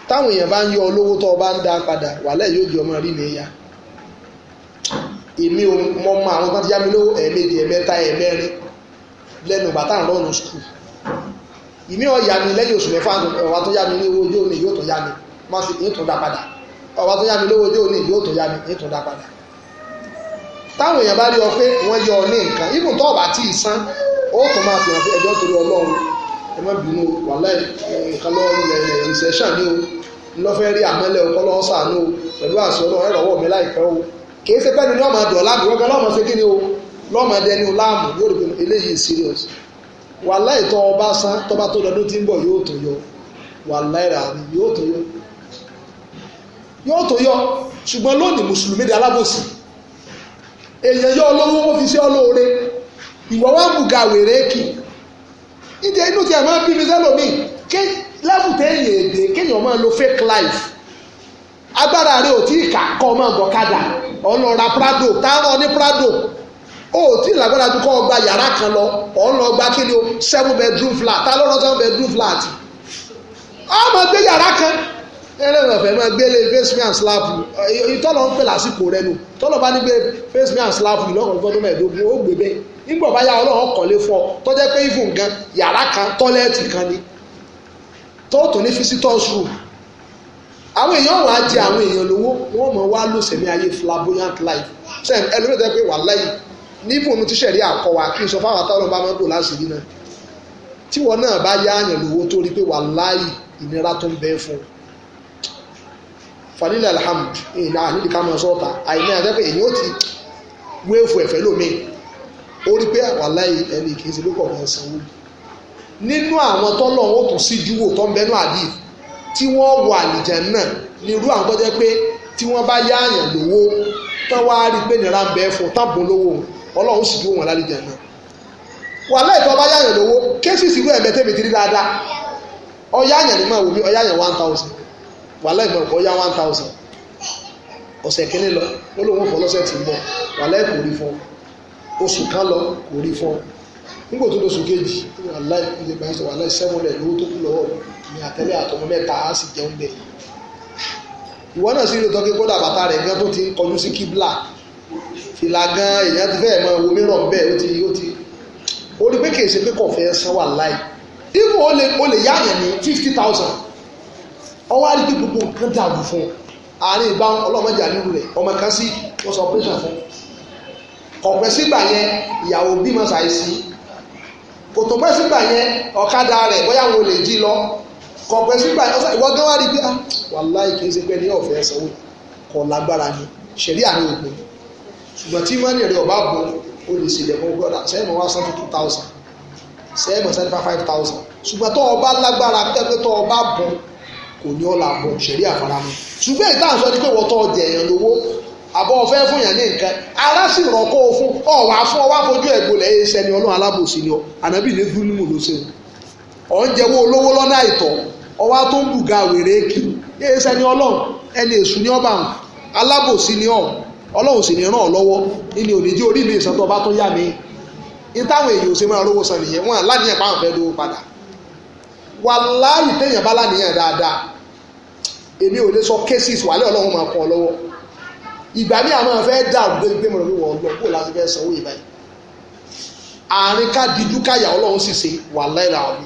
táwọn èèyàn bá ń yọ lówó tó o bá ń dá padà wà lẹ́yìn yóò di ọmọ rí mi ya èmi ò mọ mọ àwọn tó ti yá mi lówó ẹ̀ẹ́mẹ́jì ẹ̀mẹ́ta ẹ̀mẹ́rin lẹ́nu bàtà ń rọrùn skul ìmí ọ̀ yá mi lẹ́yìn oṣù mẹ́fà ọ̀wá tó yá mi ní owó ojú òní yóò tó yá mi má sì ní tó dá padà ọ̀wá tó yá mi lówó ojú òní yóò tó yá mi ní tó padà táwọn èèyàn bá rí ọ pé wọ́n yọ ọ ní nǹkan ibùn tó ọ̀bà tí ì san ó tó máa fi hàn pé ẹjọ́ torí ọlọ́run ẹ má bínú wàláì nǹkan lọ ilẹ̀ ìṣẹ̀ṣà ni o ńlọ́fẹ́ rí àmọ́lẹ̀ ọkọ lọ́wọ́ sàánú o pẹ̀lú àṣọ ọlọ́run ẹ̀rọ wọ̀ mí láìpẹ́ o kìí ṣe pẹ́ni lọ́mọ dùn láàmú rọ́gẹ́ lọ́mọ ṣe kí ni o lọ́mọ dẹni láàmú yóò rí pé eléyìí serious wàláì tọ́ ọba san tọ́ba tó lọ́dún tí ń bọ̀ yóò tó yọ wàláì rà ni yóò tó yọ yóò tó yọ ṣùgbọ́n lónìí mùsùlùmí di alábòsí èèyàn yọ olówó wọ́n fi ṣe olóore ìwọ wá bùgà wèrè kì níta inú tí a máa bí mi sẹ́lòmíì ké lẹ́bù téèyàn èdè kéèyàn máa lo fake life agbára rẹ ò tí ì kà kọ́ ọmọ ọ̀gọ́kadà ọlọ́ra prado táwọn ní prado ó tí ì lágbára ju kọ́ ọgbà yàrá kan lọ ọ̀ ń lọ o seven bedroom flat tá ló rán seven bedroom flat ọmọ gbé yàrá kan ẹlẹ́yìn ọ̀fẹ́ máa gbélé face me and slap you tọ́lọ̀ ń pè lásìkò rẹ nù tọ́lọ̀ bá ní gbé face me and slap you lọ́kàn fọ́dún mẹ́ẹ̀ẹ́dógún ó gbé bẹ́ẹ̀ nígbà bá yá ọlọ́run kọ̀lé fún ọ tó jẹ́ pé even gan yàrá kan tọ́lẹ́ẹ̀tì kan ni tó tún ní visitors room àwọn èèyàn wàá jẹ àwọn èèyàn lówó wọn mọ̀ wá lò sẹ́mi ayé flamboyant life sẹ́m ẹlòmíràn tẹ́ pé wà láyé níbù ní tíṣẹ̀ rí àkọwà kí n sọ fáwọn àtàwọn bá máa ń bò láṣìírí náà tí wọn náà bá yá àyàn lówó tó rí pé wà láyé ìnira tó ń bẹ fún un falilẹ̀ alhamdu ìlà eh, nídìí ká máa sọ́ọ̀tà àìní àtẹ́pẹ́ èyí ó ti wéèfù ẹ̀fẹ́ lómi ó rí pé wàláhì ẹni kì í ṣe lókọ̀ máa sanwó nínú àwọn tọ́lọ̀ ó tún sí júwò tó ń bẹnu àdì tí wọ́n wọ àlìjẹ́ náà ní irú àwọn tọ́jẹ́ pé tí wọ́n bá yá àyàn lówó tán wá rí pé nira ń bẹ fún tábùn lówó ọlọ́run sì júwò wọn lálìjẹ́ náà wàláhì tó bá yá àyàn lówó kéṣìṣì rú ẹ̀mẹ́tẹ́mẹ́tẹ́rí dáadáa ọyá àyàn ní máa wò mí ọyá àyàn one thousand wàhálà ìmọ̀ ẹ̀kọ́ yá one thousand ọ̀sẹ̀ kínní lọ ó lóun ò fọ lọ́sẹ̀ tí ń bọ̀ wàhálà kò rí fún oṣù kan lọ kò rí fún nígbà tó lóṣù kejì wàhálà ìdílé bá yẹn sọ wàhálà sẹ́wọ̀n rẹ̀ lówó tó kú lọ́wọ́ ní àtẹ́lẹ́ àtọmọ mẹ́ta á sì jẹun bẹ́ẹ̀ ìwọ náà sì lè tọ́ kí kódà bàtà rẹ̀ gan tó ti kọjú sí kíbla fìlà gan èèyàn ti fẹ́ẹ̀ mọ ewu mìíràn bẹ́ẹ̀ ó ti ó ti ó pé kì pé kò fẹ́ sanwó àláì dípò ó lè yá yẹn ní fifty thousand ọwọ́ àdìgbì gbogbo nǹkan dàrú fún un àárín ìbá ọlọ́mọdé àníwò rẹ̀ ọmọ kan sí wọ́n sọ operation fún un kọ̀pẹ́ sígbà yẹn ìyàwó bímọ ṣàìsí kò tó pẹ́ sígbà yẹn ọ̀kadà rẹ̀ bóyá wọn ò lè jí lọ kọ̀pẹ́ sígbà yẹn ìwọ gán wá rí pé ah, wàláì kì í ṣe pé ní ọ̀fẹ́ sanwó kọ̀ lágbára ni ṣẹ̀rí àárín òpin ṣùgbọ́n tí mọ́nì rẹ̀ ọ̀bá bọ̀ ó lè ṣèlẹ̀ fún gbọ́dọ̀ sẹ́yìn mọ́ wá san two thousand sẹ́yìn mọ́ sẹ́yìn five thousand ṣùgbọ́n tó o bá lágbára pẹ́pẹ́ tó o bá bọ̀ òní ọ̀la bọ̀ ṣẹ̀rí ṣùgbọ́n ìta àṣọ ni pé wọ́n tọ́ ọjà èèyàn lówó àbọ̀ ọ̀fẹ́ fún yàn ní nǹkan ara sì rọ̀kọ́ fún fún ọwá fojú ẹ̀gbọ́n lẹ́yìn ọlọ́run alábòsí ni ọ ànábì ní gúlùmù ló ṣe ọ̀ ń jẹ́wọ́ olówó lọ́nà àìtọ́ ọwá tó ń wèrè ọlọ́run ẹni ni ọ ọlọ́run sì ní ràn ọ́ lọ́wọ́ nínú òníjí orí mi ìsàn tó tó yá mi ìtàwọn èyí ò ṣe máa rówó san wọn fẹ́ lówó padà wàláì èmi ò lè sọ cases wàhálà ọlọ́run máa kàn ọ́ lọ́wọ́ ìgbà ní àwọn afẹ́ dà gbégbé mọ̀rọ̀ ló wọ̀ ọ́ lọ kó láti fẹ́ sanwó yìí báyìí àárín ká dijú káyà ọlọ́run sì ṣe wàhálà ìlà ọ̀mí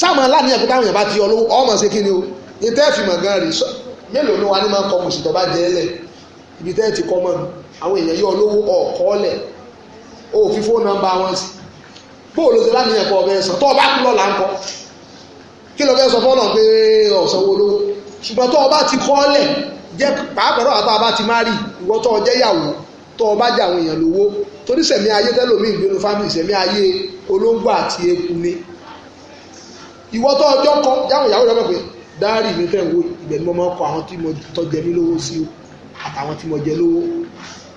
sáàmù aláàníyàn pé táwọn èèyàn bá ti ọlọ́wọ́ ọmọ ṣe kí ni o ní tẹ́ẹ̀fì mọ̀gán rè sọ mélòó ni wàá ní máa ń kọ́ mùsùlùmí tó bá jẹ́ ẹlẹ̀ ibi tẹ́ẹ̀tì kọ́ mọ́ àwọn èèyàn yọ olówó ọ̀kọ́ọ̀lẹ̀ o fi fóònù nọ́mbà wọn sí bóòlù ṣe láàníyàn kọ́ ọ̀bẹ sọ tó o bá kú lọ́la ńkọ́ kí lọ fẹ́ sọ fọ́ọ̀nà pé ọ̀sánwó olówó ṣùgbọ́n tó ọba ti kọ́ ọ́lẹ̀ jẹ́ pàápàá àtọ́ ọba ti má rí ìwọ tó ọjẹ́ yàwó tó ọba jẹ àwọn èèyàn lówó torí sẹ̀mí ayé tẹ́lòmíì gbénu fámìlì sẹ̀mí ayé olóńgbò àti eku ni ìwọ tó ọjọ́ kọ jáwọn ìyàwó rẹ̀ pé dáárì mi fẹ́ wo ibẹ̀ ni mo máa ń kọ àwọn tí mo tọ́jẹ mí lówó sí àtàwọn tí mo jẹ lówó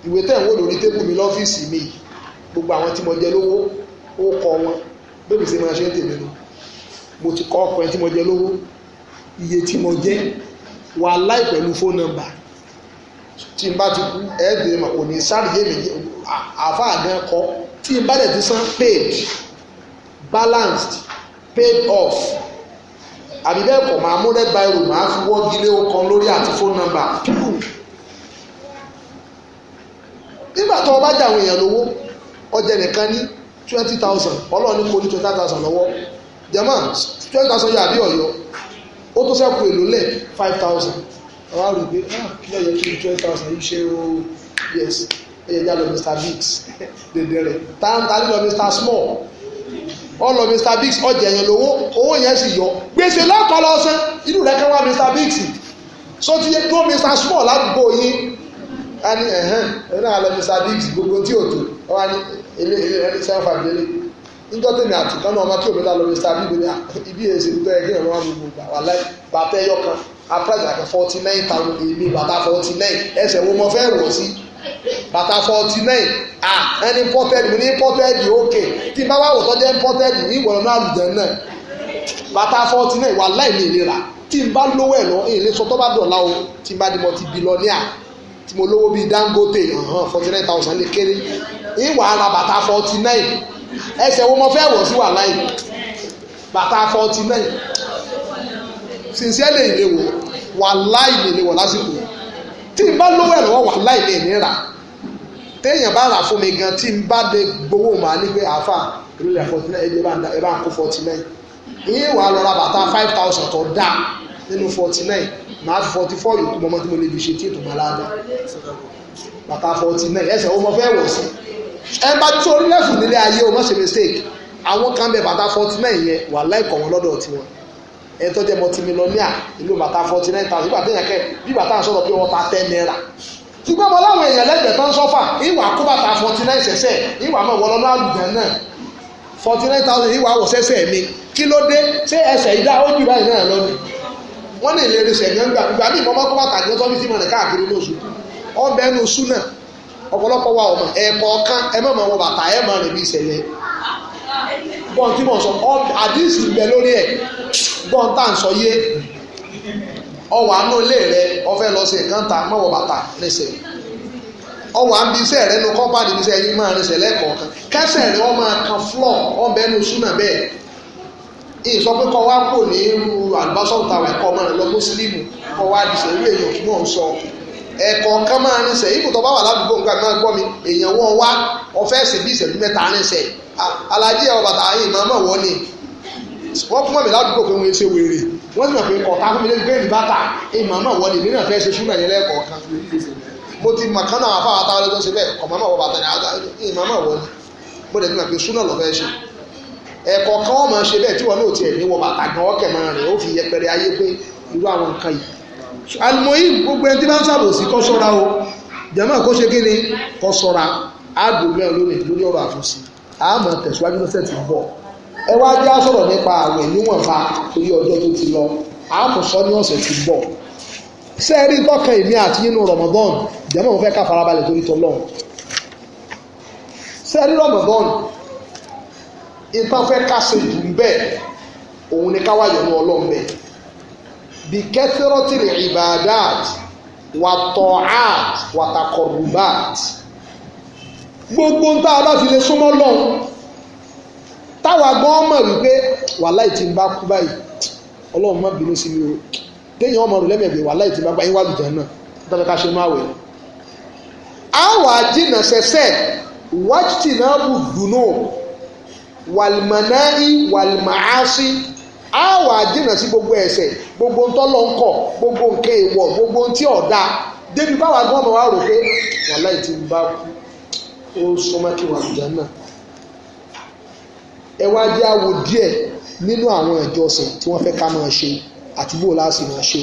ìwé tẹ̀ ń wò lórí tébù mi lọ́fíìsì mi gbogbo àwọn tí mo jẹ lówó ó kọ wọn bébì sí máa ṣe ń tèmi nu mo ti kọ ọkùnrin tí mo jẹ lówó iye tí mo jẹ́ wà láì pẹ̀lú fóònù nọ́mbà tí n bá ti kú ẹ̀ẹ́dẹ̀ẹ́ mà kò ní sáàrìyé mi àfa àgán kọ tí n bá dẹ̀ ti san paid balanced paid off àbí bẹ́ẹ̀ kọ̀ máa múlẹ̀ báyìí máa fi wọ́gi lé ọkàn lórí àti fóònù nọ́mbà píù nígbà tó o bá jà àwọn èèyàn lówó ọjà nìkan ní twenty thousand ọlọ́ọ̀ni kò ní twenty thousand lọ́wọ́ jẹ́mọ̀ twenty thousand yóò àbí ọ̀yọ́ ó tó sẹ́kù èlò lẹ̀ five thousand ọ̀rọ̀ àrùn pé ah, kí ló yẹ kí n twenty thousand yìí ṣe o yes ẹ yẹ já lọ Mr Biggs dèdè rẹ̀ táǹtà lọ Mr Small ọlọ Mr Biggs ọjà ẹ̀yàn lówó owó yẹn sì yọ gbèsè lọ́kọ̀ lọ́sẹ̀ inú rẹ̀ kẹ́ wá Mr Biggs so ti yẹ tó Mr Small ládùúgbò yín a ní ẹ̀hẹ́n ẹ̀ náà lọ Mr Biggs gbogbo tí ò tó ọ wá ní ilé ilé ẹni seven five lélẹ́yìn níjọ́ tèmi àti kan náà ọmọ kí òmìnira lọ mr bíbí ni ibi èsì tó yẹ kí ìrànwọ́ gbogbo gbà wà láì bàtà ẹyọ kan apẹ́sẹ̀ àti forty nine thousand èmi bàtà forty nine ẹsẹ̀ wo mo fẹ́ wọ̀ sí bàtà forty nine ah ẹni pọ́tẹ́ẹ̀dì mo ní pọ́tẹ́ẹ̀dì òkè tí bá wà wò tọ́jú ẹni pọ́tẹ́ẹ̀dì ní ìwọ̀n náà lùdẹ̀ náà bàtà forty nine wà láì mi ìlera tí n bá lówó ẹ̀ lọ èlé sọ tó bá dọ̀la o tí n bá di mo ti bilọ́níà tí mo lówó bíi Dangote forty nine thousand lè kéré ìwà ara bàtà forty nine ẹsẹ̀ wo mo fẹ́ wọ̀ sí wàhálà yìí bàtà forty nine sincerely ilé wọ̀ wàhálà ilé ilé wọ̀ lásìkò tí n bá lówó ẹ̀rọ wàhálà ilé mi rà téèyàn bá rà fún mi gan tí n bá lè gbowó màá ní pé àáfà ìrìnlẹ̀ forty nine ẹ bá ń kó forty nine ìyẹn wàá lọ ra bàtà five thousand tó dáa nínú forty nine màá fi forty four yòókù mọ́mọ́ tí mo lè fi ṣe tí ètò màá bàtà forty nine ẹsẹ̀ wo mo fẹ́ wọ̀ sí ẹ bá torí lẹ́fù nílé ayé o má ṣe mistake àwọn kan bẹ bàtà forty nine yẹn wà láìkọ̀ wọn lọ́dọ̀ tiwọn ẹ tó jẹ́ mọtimilọ́níà ìlú bàtà forty nine thousand bàtà yẹn kẹ́ bí bàtà ń sọ̀rọ̀ pé wọ́n ta ten naira ṣùgbọ́n mo láwọn èèyàn lẹ́gbẹ̀ẹ́ tán sọ́fà ìwà kó bàtà forty nine ṣẹ̀ṣẹ̀ ìwà mọ̀ wọ́n lọ́nà àlùjá náà forty nine thousand ìwà wọ̀ ṣẹ̀ṣẹ̀ mi kí ló dé ṣé ẹsẹ̀ ìdá ó jù báyìí náà lọ́nà wọ́n lè lè rí sẹ̀yìn gbà gbà mí ìmọ̀ mọ́kọ́ bàtà ní ọtọ́ bí tí mo rìn káàkiri lóṣù ọbẹ̀ ẹnu sùn náà ọ̀pọ̀lọpọ̀ wa ọmọ ẹ̀ẹ̀kọ̀ọ̀kan ẹ mọ̀ mọ̀ wọ bàtà ẹ mọ̀ rẹ̀ bí ìṣẹ̀lẹ̀ gbọ́n tí mo sọ àdìsí bẹ lórí ẹ̀ gbọ́n tá à ń sọ yé ọwọ́ àánú ilé rẹ ọfẹ́ lọ sí nǹkan ta mọ̀ wọ bàtà lẹ́sẹ̀ ọwọ́ àbí iṣẹ́ rẹ nu kọ́pàdé iṣẹ́ yìí máa rẹsẹ̀ lẹ́ẹ̀kọ̀ọ̀kan kẹsẹ̀ rẹ ọmọ kan flọ̀ ọ̀bẹ́nu súnà bẹ́ẹ̀ ìsọ pé kọ́ wá kò ní irú àlùbáṣọ́ ìtàwẹ̀ kọ́ ọmọ rẹ lọ mùsùlùmí kọ́ wá àdìsẹ̀ irú èèyàn tí mò ń sọ ẹ̀kọ́ kan máa rinṣẹ́ ibùdó bá wà ládùúgbò nǹkan máa gbọ́ mi èèyàn wọ́n wá ọ̀fẹ́ẹ̀sì bíi ìṣẹ́jú mẹ́ta rinṣẹ́ alájí ẹ̀ bàtà ayé màmá wọ́n ni wọ́n fún mi ládùúgbò pé wọ́n ṣe wèrè wọ́n sì mọ̀ pé kọ̀ọ̀ta fún mi lé bẹ́ẹ̀ ní bàtà ẹ̀ màmá wọ́n ni èmi náà fẹ́ ṣe ṣúnà yẹn lẹ́ẹ̀kọ̀ọ̀kan mo ti mọ̀ kánà àfa àtàwọn ẹlẹ́tọ́ ṣe bẹ́ẹ̀ ọ̀mọ́mọ́ wọ bàtà ẹ̀ màmá wọ́n ni mo dẹ̀ mọ̀ pé ṣúnà lọ́ fẹ́ ṣe ẹ̀kọ̀ọ̀kan wọ́n máa ṣe bẹ́ẹ̀ tí wọ́n náà tiẹ̀ ní wọ alimoyim gbogbo ẹni tí bá ń ṣàbòsí kó ṣọ́ra o jàmáà kó ṣe kíni kó ṣọ́ra àdùnmẹ́ lónìí lórí ọ̀rọ̀ àfọ̀sí àmọ́ tẹ̀síwájú lọ́sẹ̀ tí ń bọ̀ ẹ wá já sọ̀rọ̀ nípa àwẹ̀ níwọ̀nba torí ọjọ́ tó ti lọ àkùsọ ní ọ̀sẹ̀ tí ń bọ̀ ṣé ẹ rí tọ́kàn èmi àti nínú Ramadan jàmáà mo fẹ́ ká farabalẹ̀ torí tọ́lọ́ ṣé ẹ rí Ramadan ìtàn fẹ́ ká ṣe jù ń bẹ́ẹ̀ òun ni ká wáyọ̀ ní ọlọ́run bẹ́ẹ̀ bikẹ́tírọ́tìrì ibadat wàtọ̀át wàtàkọ̀rùbát gbogbo ń tá a bá fi lè súnmọ́ lọ́hùn táwa gan mọ̀ wípé wàhálà ìtì ń bá kú báyìí ọlọ́run má bínú sí mi o téèyàn ọmọ rẹ lẹ́mẹ̀ẹ́gbẹ̀ wàhálà ìtì ń bá báyìí wà lùjẹ́ náà tọ́jú ká ṣe máa wẹ̀ ẹ́ àwa jìnnà sẹ́sẹ́ wájútì náà bù dùnú wàlmọ̀náì wàlmọ̀ásí á wà á jìnnà sí gbogbo ẹ̀ṣẹ̀ gbogbo ntọ́lọ̀ ń kọ̀ gbogbo nǹkan èèwọ̀ gbogbo ntí ọ̀dà débi báwa gbọ́n mọ̀ wá rò pé wàhálà ìtì ń bá ó súnmọ́ kí wà lùjá náà ẹ wá jẹ́ àwò díẹ̀ nínú àwọn ìjọsìn tí wọ́n fẹ́ ká máa ṣe àti bó láàsì máa ṣe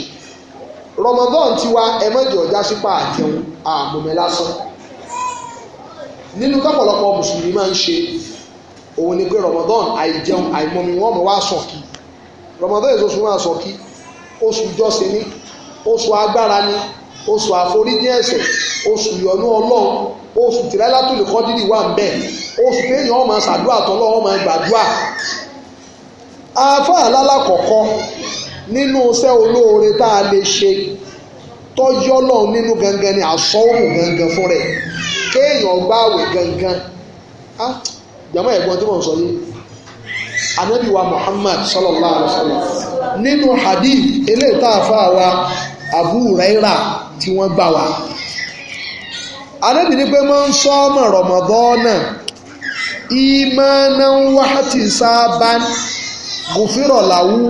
Ramadan ti wá ẹ mọ̀jọ̀ ọjà sípà àjẹun àmọ̀mẹ́ lásán nínú tọ́pọ̀lọpọ̀ mùsùlùmí máa ń ṣe òun ni pé Ramadan àìjẹun àìmọ̀mí wọn mọ̀ wá sàn kìí Ramadan èso oṣù máa sọ kí oṣù jọ́sìn ni oṣù agbára ni oṣù àforíjì ẹ̀ṣẹ̀ oṣù ìyọ́nú Ọlọ́run oṣù tìrẹ́látùlù kọ́dírì wà ń bẹ̀ oṣù kéèyàn ọmọ ṣàdúrà tọ́lọ́ ọmọ gbàdúrà afá alálàkọ̀kọ́ nínú iṣẹ́ olóore tá a lè ṣe tọ́jú Ọlọ́run nínú gangan ni àsọ́wò gangan fún rẹ̀ kéèyàn gbààwẹ̀ gangan ah jàmọ́ ẹ̀gbọ́n tí mò ń sọ yìí anabi wa muhammad sallallahu alaihi wa sallam nínú hadith eléyìí tá a fa wa abu huraira tí wọ́n gbà wá anabi ní pé máa ń sọ ọmọ rọmọdọ́nà ìmọ̀ọ́nà wáhátì sábà gòfìrọ̀ làwù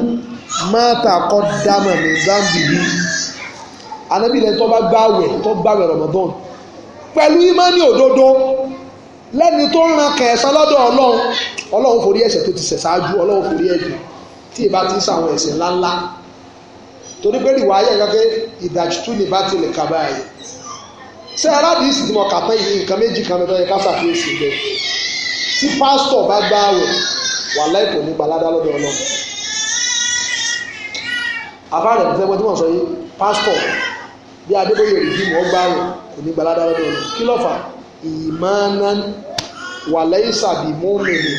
mọ́tà kọ́ dámọ̀ ní zambibi anabi lẹ́ni tó bá gbàwẹ̀ tó gbàwẹ̀ rọmọdọ́nà pẹ̀lú ìmọ̀ọ́nì òdodo lẹ́ni tó ń ran kẹ̀ẹ́sán lọ́dọ̀ ọlọ́run ọlọ́run forí ẹ̀ṣẹ̀ tó ti ṣẹ̀ ṣáájú ọlọ́run forí ẹ̀jù tí ìbá ti ń sàwọn ẹ̀ṣẹ̀ ńláńlá torí pé ìwà ayé kankan ìdájú tún ní bá tilẹ̀ kaba yìí ṣé aládìí sì ti mọ kàtá yìí nǹkan méjì kan lọ́dọ̀ yẹn ká ṣàkíyèsí bẹ́ẹ̀ tí pásítọ̀ bá gbá àwẹ̀ wà láìpò nípa ládá lọ́dọ̀ ọlọ́run àbárẹ̀ mi fẹ́ gbọ́ tí wọ́n sọ yìí pásítọ̀ bí adébóyè rìdíìmù ọgbà àwẹ̀ kò ní gbà ládá lọ́dọ̀ ọlọ́run kí ló fà á ìmọ̀ọ́nán wàlẹ́ ìsàbí mọ́mìnì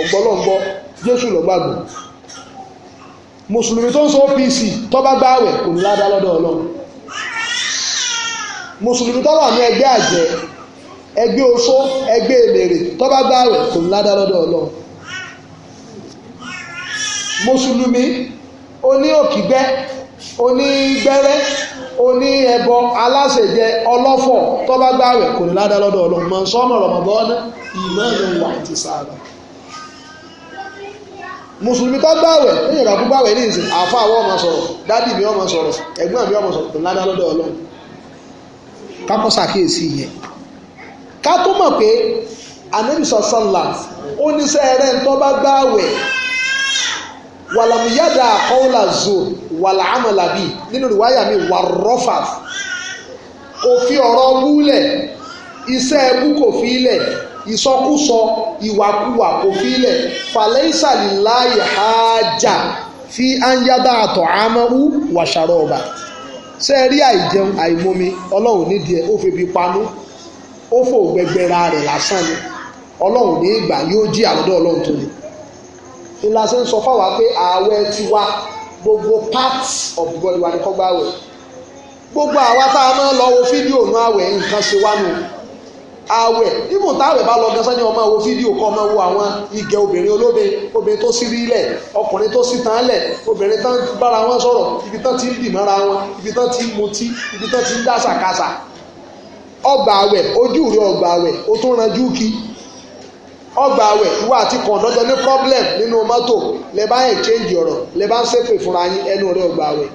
ọ̀gbọ́lọ́gbọ́ jésù lọ́gbàgbọ́ mùsùlùmí tó ń sọ pc tó bá gbààwẹ̀ kò ní ládàá lọ́dọ̀ ọlọ́run mùsùlùmí tó wà ní ẹgbẹ́ àjẹ́ ẹgbẹ́ oṣó ẹgbẹ́ èlèrè tó bá gbààwẹ̀ kò ní ládàá lọ́dọ̀ ọlọ́run mùsùlùmí oní onígbẹ́rẹ́ oní ẹbọ aláṣẹjẹ ọlọ́fọ̀ tọ́ba gbààwẹ̀ kò ní ládàá lọ́dọ̀ ọlọ́run mọ̀ sọ́mọ̀ rọ̀mọ̀bọ́n ìmọ̀ràn wà ti sáàbà mùsùlùmí tó gbààwẹ̀ lẹ́yìn ìgbà púpọ̀ àwẹ̀ ní ìsìn àfa àwọn ọmọ sọ̀rọ̀ dádì mi ọmọ sọ̀rọ̀ ẹ̀gbọ́n mi ọmọ sọ̀rọ̀ kò ní ládàá lọ́dọ̀ ọlọ́run kápọ́ sàkíyèsí yẹn ká tó mọ̀ pé ànábì sallallahu ó ní sẹ́ẹ̀rẹ́ ń tó bá gbààwẹ̀ wàlàmúyàdà kọ́ńlá zoo wàlàámàlàbí nínú ìwáyà mi wà rọ́fà kò fi ọ̀rọ̀ búlẹ̀ iṣẹ́ ẹbú kò fi ilẹ̀ ìsọkúsọ ìwàkuwà kò fi ilẹ̀ falẹ̀ ìsàlìláyè hájà fi ányádá àtọ̀ àmọ́wú wàṣàrọ̀ ọ̀bà ṣe rí àìjẹun àìmọ́mi ọlọ́run nídìí ẹ̀ ó febi panú ó fò gbẹgbẹra rẹ̀ lásán ni ọlọ́run ní ìgbà yóò jí àlọ́dọ̀ ọlọ́run tó ni ńlá ṣe ń sọ fáwa pé ààwẹ̀ tiwa gbogbo parts of the body wa ni kọ́gbà wẹ̀ gbogbo àwa tá a máa lọ wo fídíò náà àwẹ̀ nǹkan ṣe wá nù àwẹ̀ ibùn táwẹ̀ bá lọ gẹ́sẹ́ ni ọmọ wo fídíò kọ́ ọmọ wo àwọn igẹ̀ obìnrin olóbe obìnrin tó sí rílẹ̀ ọkùnrin tó sí tán lẹ̀ obìnrin tán bára wọn sọ̀rọ̀ ibi tán ti ń dì mọ́ra wọn ibi tán ti ń mutí ibi tán ti ń dá sàkásà ọgbà àwẹ̀ ojú rẹ ọgbà àwẹ̀ o tún ranjú kí ọgbà àwẹ̀ ìwà àti kọ̀ǹdọ́jọ ní problem nínú mọ́tò lẹ bá exchange ọ̀rọ̀ lẹ bá ń ṣépè fúnra yín ẹnu rẹ ọgbà àwẹ̀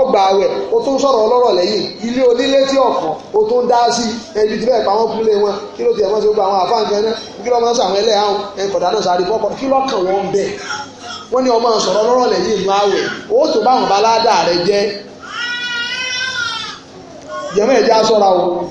ọgbà àwẹ̀ o tún sọ̀rọ̀ ọlọ́rọ̀ lẹ́yìn ilé onílé tí ọ̀kan o tún dá sí ẹbí tí bẹ́ẹ̀ pa wọ́n kúlé wọn kí ló ti ẹ̀ mọ́ sí gbogbo àwọn àfáà nǹkan náà kí ló máa ń sọ àwọn ẹlẹ́yà àwọn ẹ̀kọ̀dá náà sáré fọ́kọ̀ kí lọ́kàn wọn bẹ̀ wọ́n ní ọmọ sọ̀rọ̀ ọlọ́rọ̀ lẹ́yìn inú àwẹ̀ o tó bá wọn bá ládàá rẹ jẹ́ jẹ́mọ́ ẹ̀já o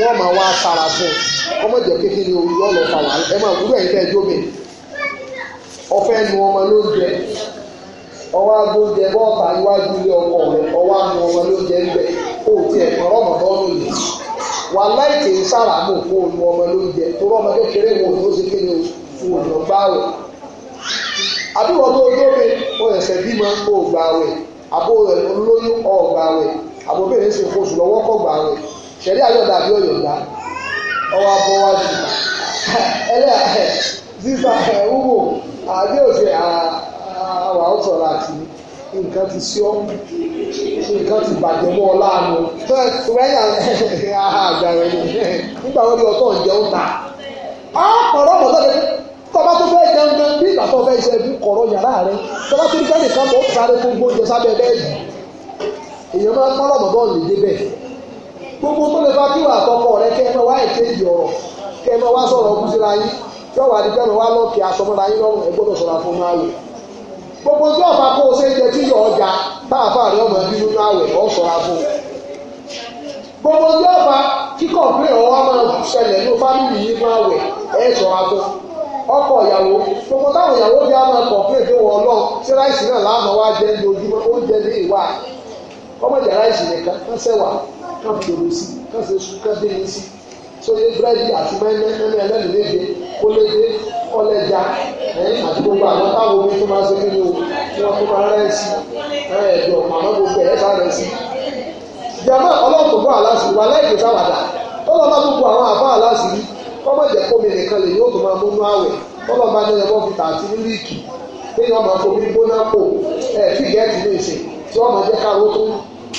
wọ́n máa wá sára fún ọmọ jẹ́ kékeré orí ọ̀nà ọ̀fà wà ẹ máa wúlò ẹ̀yìn tẹ́jọ́ mi ọ̀fẹ́ nu ọmọ lóúnjẹ ọwọ́ agbóúnjẹ iwájú ilé ọkọ rẹ ọwọ́ ọmọ lóúnjẹ ń bẹ kó o tiẹ̀ wà láìpẹ́ ọmọ lóúnjẹ kékeré ọgbà rẹ ṣẹ̀rí ayọ̀dà bí ọ̀yọ̀dà ọwọ́ abọ́wájú ẹlẹ́ sísá ẹ̀wúwo àdé òsè àwà ọ̀tọ̀ láti nǹkan ti sí ọ́ nǹkan ti bàjẹ́ mọ́ ọ láàánú tọ́wẹ́yà àgbà rẹ̀ nígbà wọlé ọ̀tọ̀ ń jẹun ta ọ̀pọ̀lọpọ̀ ọ̀tọ̀ lẹ́nu tọ́ba tó fẹ́ jẹun gan bí ìgbà tó fẹ́ ṣe ẹbí kọ̀rọ̀ yàrá rẹ̀ tọ́ba tó fẹ́ nìkan mọ̀ ó sáré fún gbóúnjẹ sábẹ́ bẹ́ẹ̀ èèyàn máa ń pọ́nlọ̀ mọ́ bọ́ọ̀lù débẹ̀ gbogbo tó lè fa kí wà àtọkọ rẹ kẹ mọ wá ìkéjì ọ̀rọ̀ kẹ mọ wá sọ̀rọ̀ ọkùnrin síra yín tí ọwà àdìgbẹ mọ wá lọkì aṣọ mọra yín lọ́rùn ẹ gbọ́dọ̀ ṣọ́ra fún náà wò gbogbo tí ọba kó o ṣe jẹ tí yọ ọjà táàfà rẹ ọmọ ẹbí nínú àwẹ̀ ọ ṣọ́ra fún gbogbo tí ọba kíkọ pé ọwọ́ máa ṣẹlẹ̀ ní fámìlì yìí máa wẹ ẹ ṣọ́ra fún ọkọ ìyàwó gbogbo táwọn ìyàwó bí a máa kọ pé èdè wọn lọ sí ráìsì náà láàmú wá jẹ ní ojúmọ́ oúnjẹ ní ìwà ọmọ ìjà ráìsì nìkan ń sẹwàá káfíńtòrò sí káṣe sùn kábíyìn sí sóye búrẹ́dì àti mẹ́mẹ́ ẹlẹ́nu méje kólédé ọlẹ́jà ẹ̀yìn àti gbogbo àwọn táwọn omi tó máa ṣe kí ni o tí wọ́n tó máa rẹ́ sí ẹ̀ẹ́dọ̀ àmọ́ gbogbo ẹ̀ bá rẹ̀ sí. jama ọlọ́run bọ́ aláṣì wà lẹ́yìn sáwàdà tọ́lọ́ bá gbogbo àwọn àbá aláṣì rí kọ́mọ̀ jẹ́ kómi nìkan lè yóò tó máa múnú àwẹ̀ tọ́lọ́ bá yẹn bọ́ fìtà àti mílíìkì téèyàn máa fomi gbóná pò ẹ̀ẹ́dì gẹ́ẹ̀tì ní ìsìn tí wọ́n máa jẹ́ káwó tó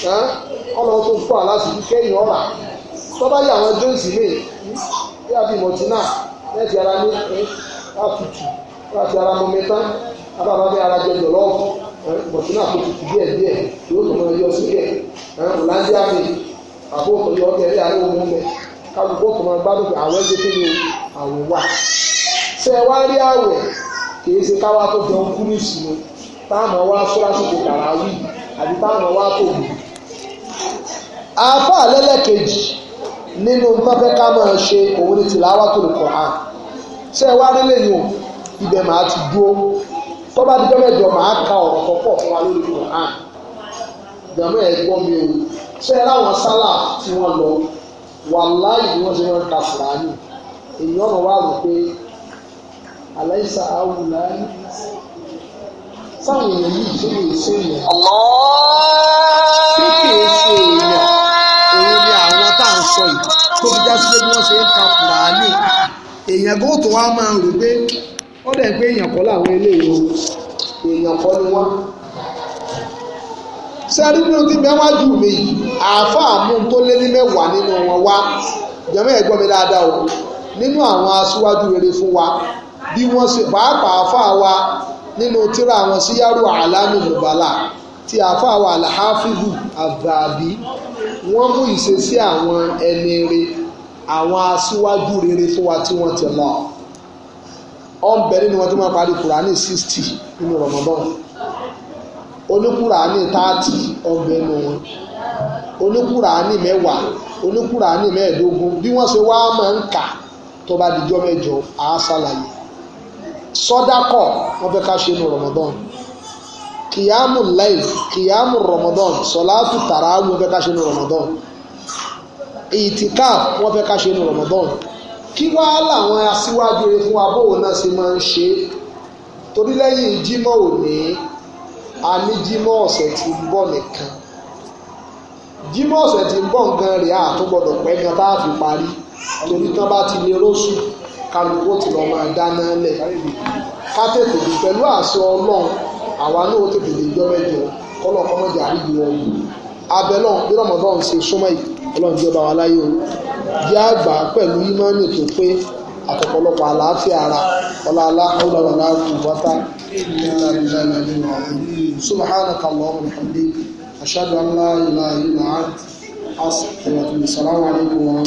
ọlọ́run tó ń fún aláṣìírí kẹ́yìn ọ̀rà tọ́ba yà àwọn jóǹsì lè bí àbí mọ̀tínà lẹ́ẹ̀tì ara ní àtútù láti ara tán bí ara jẹ tó tutù díẹ̀ díẹ̀ yóò tó máa yọ sílẹ̀ ọ̀kẹ́ kálukú tó máa gbádùn àwọn ẹgbẹ́ tó ní àwọn wà. wá rí àwẹ̀ kìí ṣe káwá tó kú ní ìsinmi táwọn wá àáfà lẹ́lẹ́kejì nínú tọ́fẹ́ ká máa ṣe òun ní tìláwá tó lè kọ̀ hàn ṣé ẹ wá nílé yìí o ibẹ̀ màá ti dúró tó bá dijọ́ mẹ́jọ màá ka ọ̀rọ̀ tó pọ̀ fún wa lórí kọ̀ hàn ìdààmú ẹ̀ gbọ́ mi o ṣé ẹ láwọn sálà tí wọ́n lọ wàláì ni wọ́n ṣe wọ́n ka fúlàní èyí ọ̀nà wà rò pé aláìsà awùláì sáwọn èèyàn yìí ṣe lè ṣe èèyàn. já sí pé bí wọ́n ṣe ń ka kùràánì èèyàn kó tó wá máa rò pé ó dẹ̀ pé èèyàn kọ́ làwọn eléyìí èèyàn kọ́ ni wọ́n. sẹ́rí nínú tí mẹ́wájú mi yìí àáfàá mú tó lé ní mẹ́wàá nínú wọn wá jẹ́mọ́ ẹ̀ mi dáadáa o nínú àwọn aṣíwájú rere fún wa bí wọ́n ṣe pàápàá àáfàá wa nínú tíra àwọn síyárò àlámì mùbálà tí àáfàá wa àlàáfíìbù àbàbí wọ́n mú ìṣesí àwọn ẹni rere àwọn aṣíwájú rere fún wa tí wọ́n ti lọ ọ̀nbẹ nínú wọn tó máa parí kùránì sixty nínú Ramadan oníkùránì thirty ọ̀nbẹ nínú wọn oníkùránì mẹ́wàá oníkùránì mẹ́ẹ̀ẹ́dógún bí wọ́n ṣe wá máa ń kà tó bá dijọ́ mẹ́jọ àá ṣàlàyé sọdakọ wọn fẹ́ ká ṣe nu rọmọdán kìyàmù láìl kìyàmù rọmọdán sọláàtù tàràwù wọn fẹ́ ká ṣe nu rọmọdán ìtìkáf wọ́n fẹ́ ká ṣe ní rọ̀mọ̀dọ́n kí wá làwọn aṣíwájú rẹ fún abóhùn náà ṣe máa ń ṣe torí lẹ́yìn jímọ̀ òní a ní jímọ̀ ọ̀sẹ̀ tí ń bọ̀ nìkan jímọ̀ ọ̀sẹ̀ tí ń bọ̀ nǹkan rẹ̀ á tó gbọ́dọ̀ pẹ́ gan tá a fi parí torí tán bá ti lè róṣù kálukú ti lọ máa dáná lẹ̀ ká tètè dé pẹ̀lú àṣẹ ọlọ́run àwa náà tètè dé ìjọ mẹ́jọ kọ́lọ̀ kọ́mọ́jà àríyí wọn abẹ́lọ́ bí rọmọdún ṣe súnmọ́ yìí ọlọ́run jẹ́ bá wa láyé o yá àgbà pẹ̀lú ìmánì tó pé àtọ̀pọ̀lọpọ̀ àlàáfíà ara ọlá aláhùlá wà láàbù wátá subhanaka allahumma wa bihamdika ashhadu an la ilaha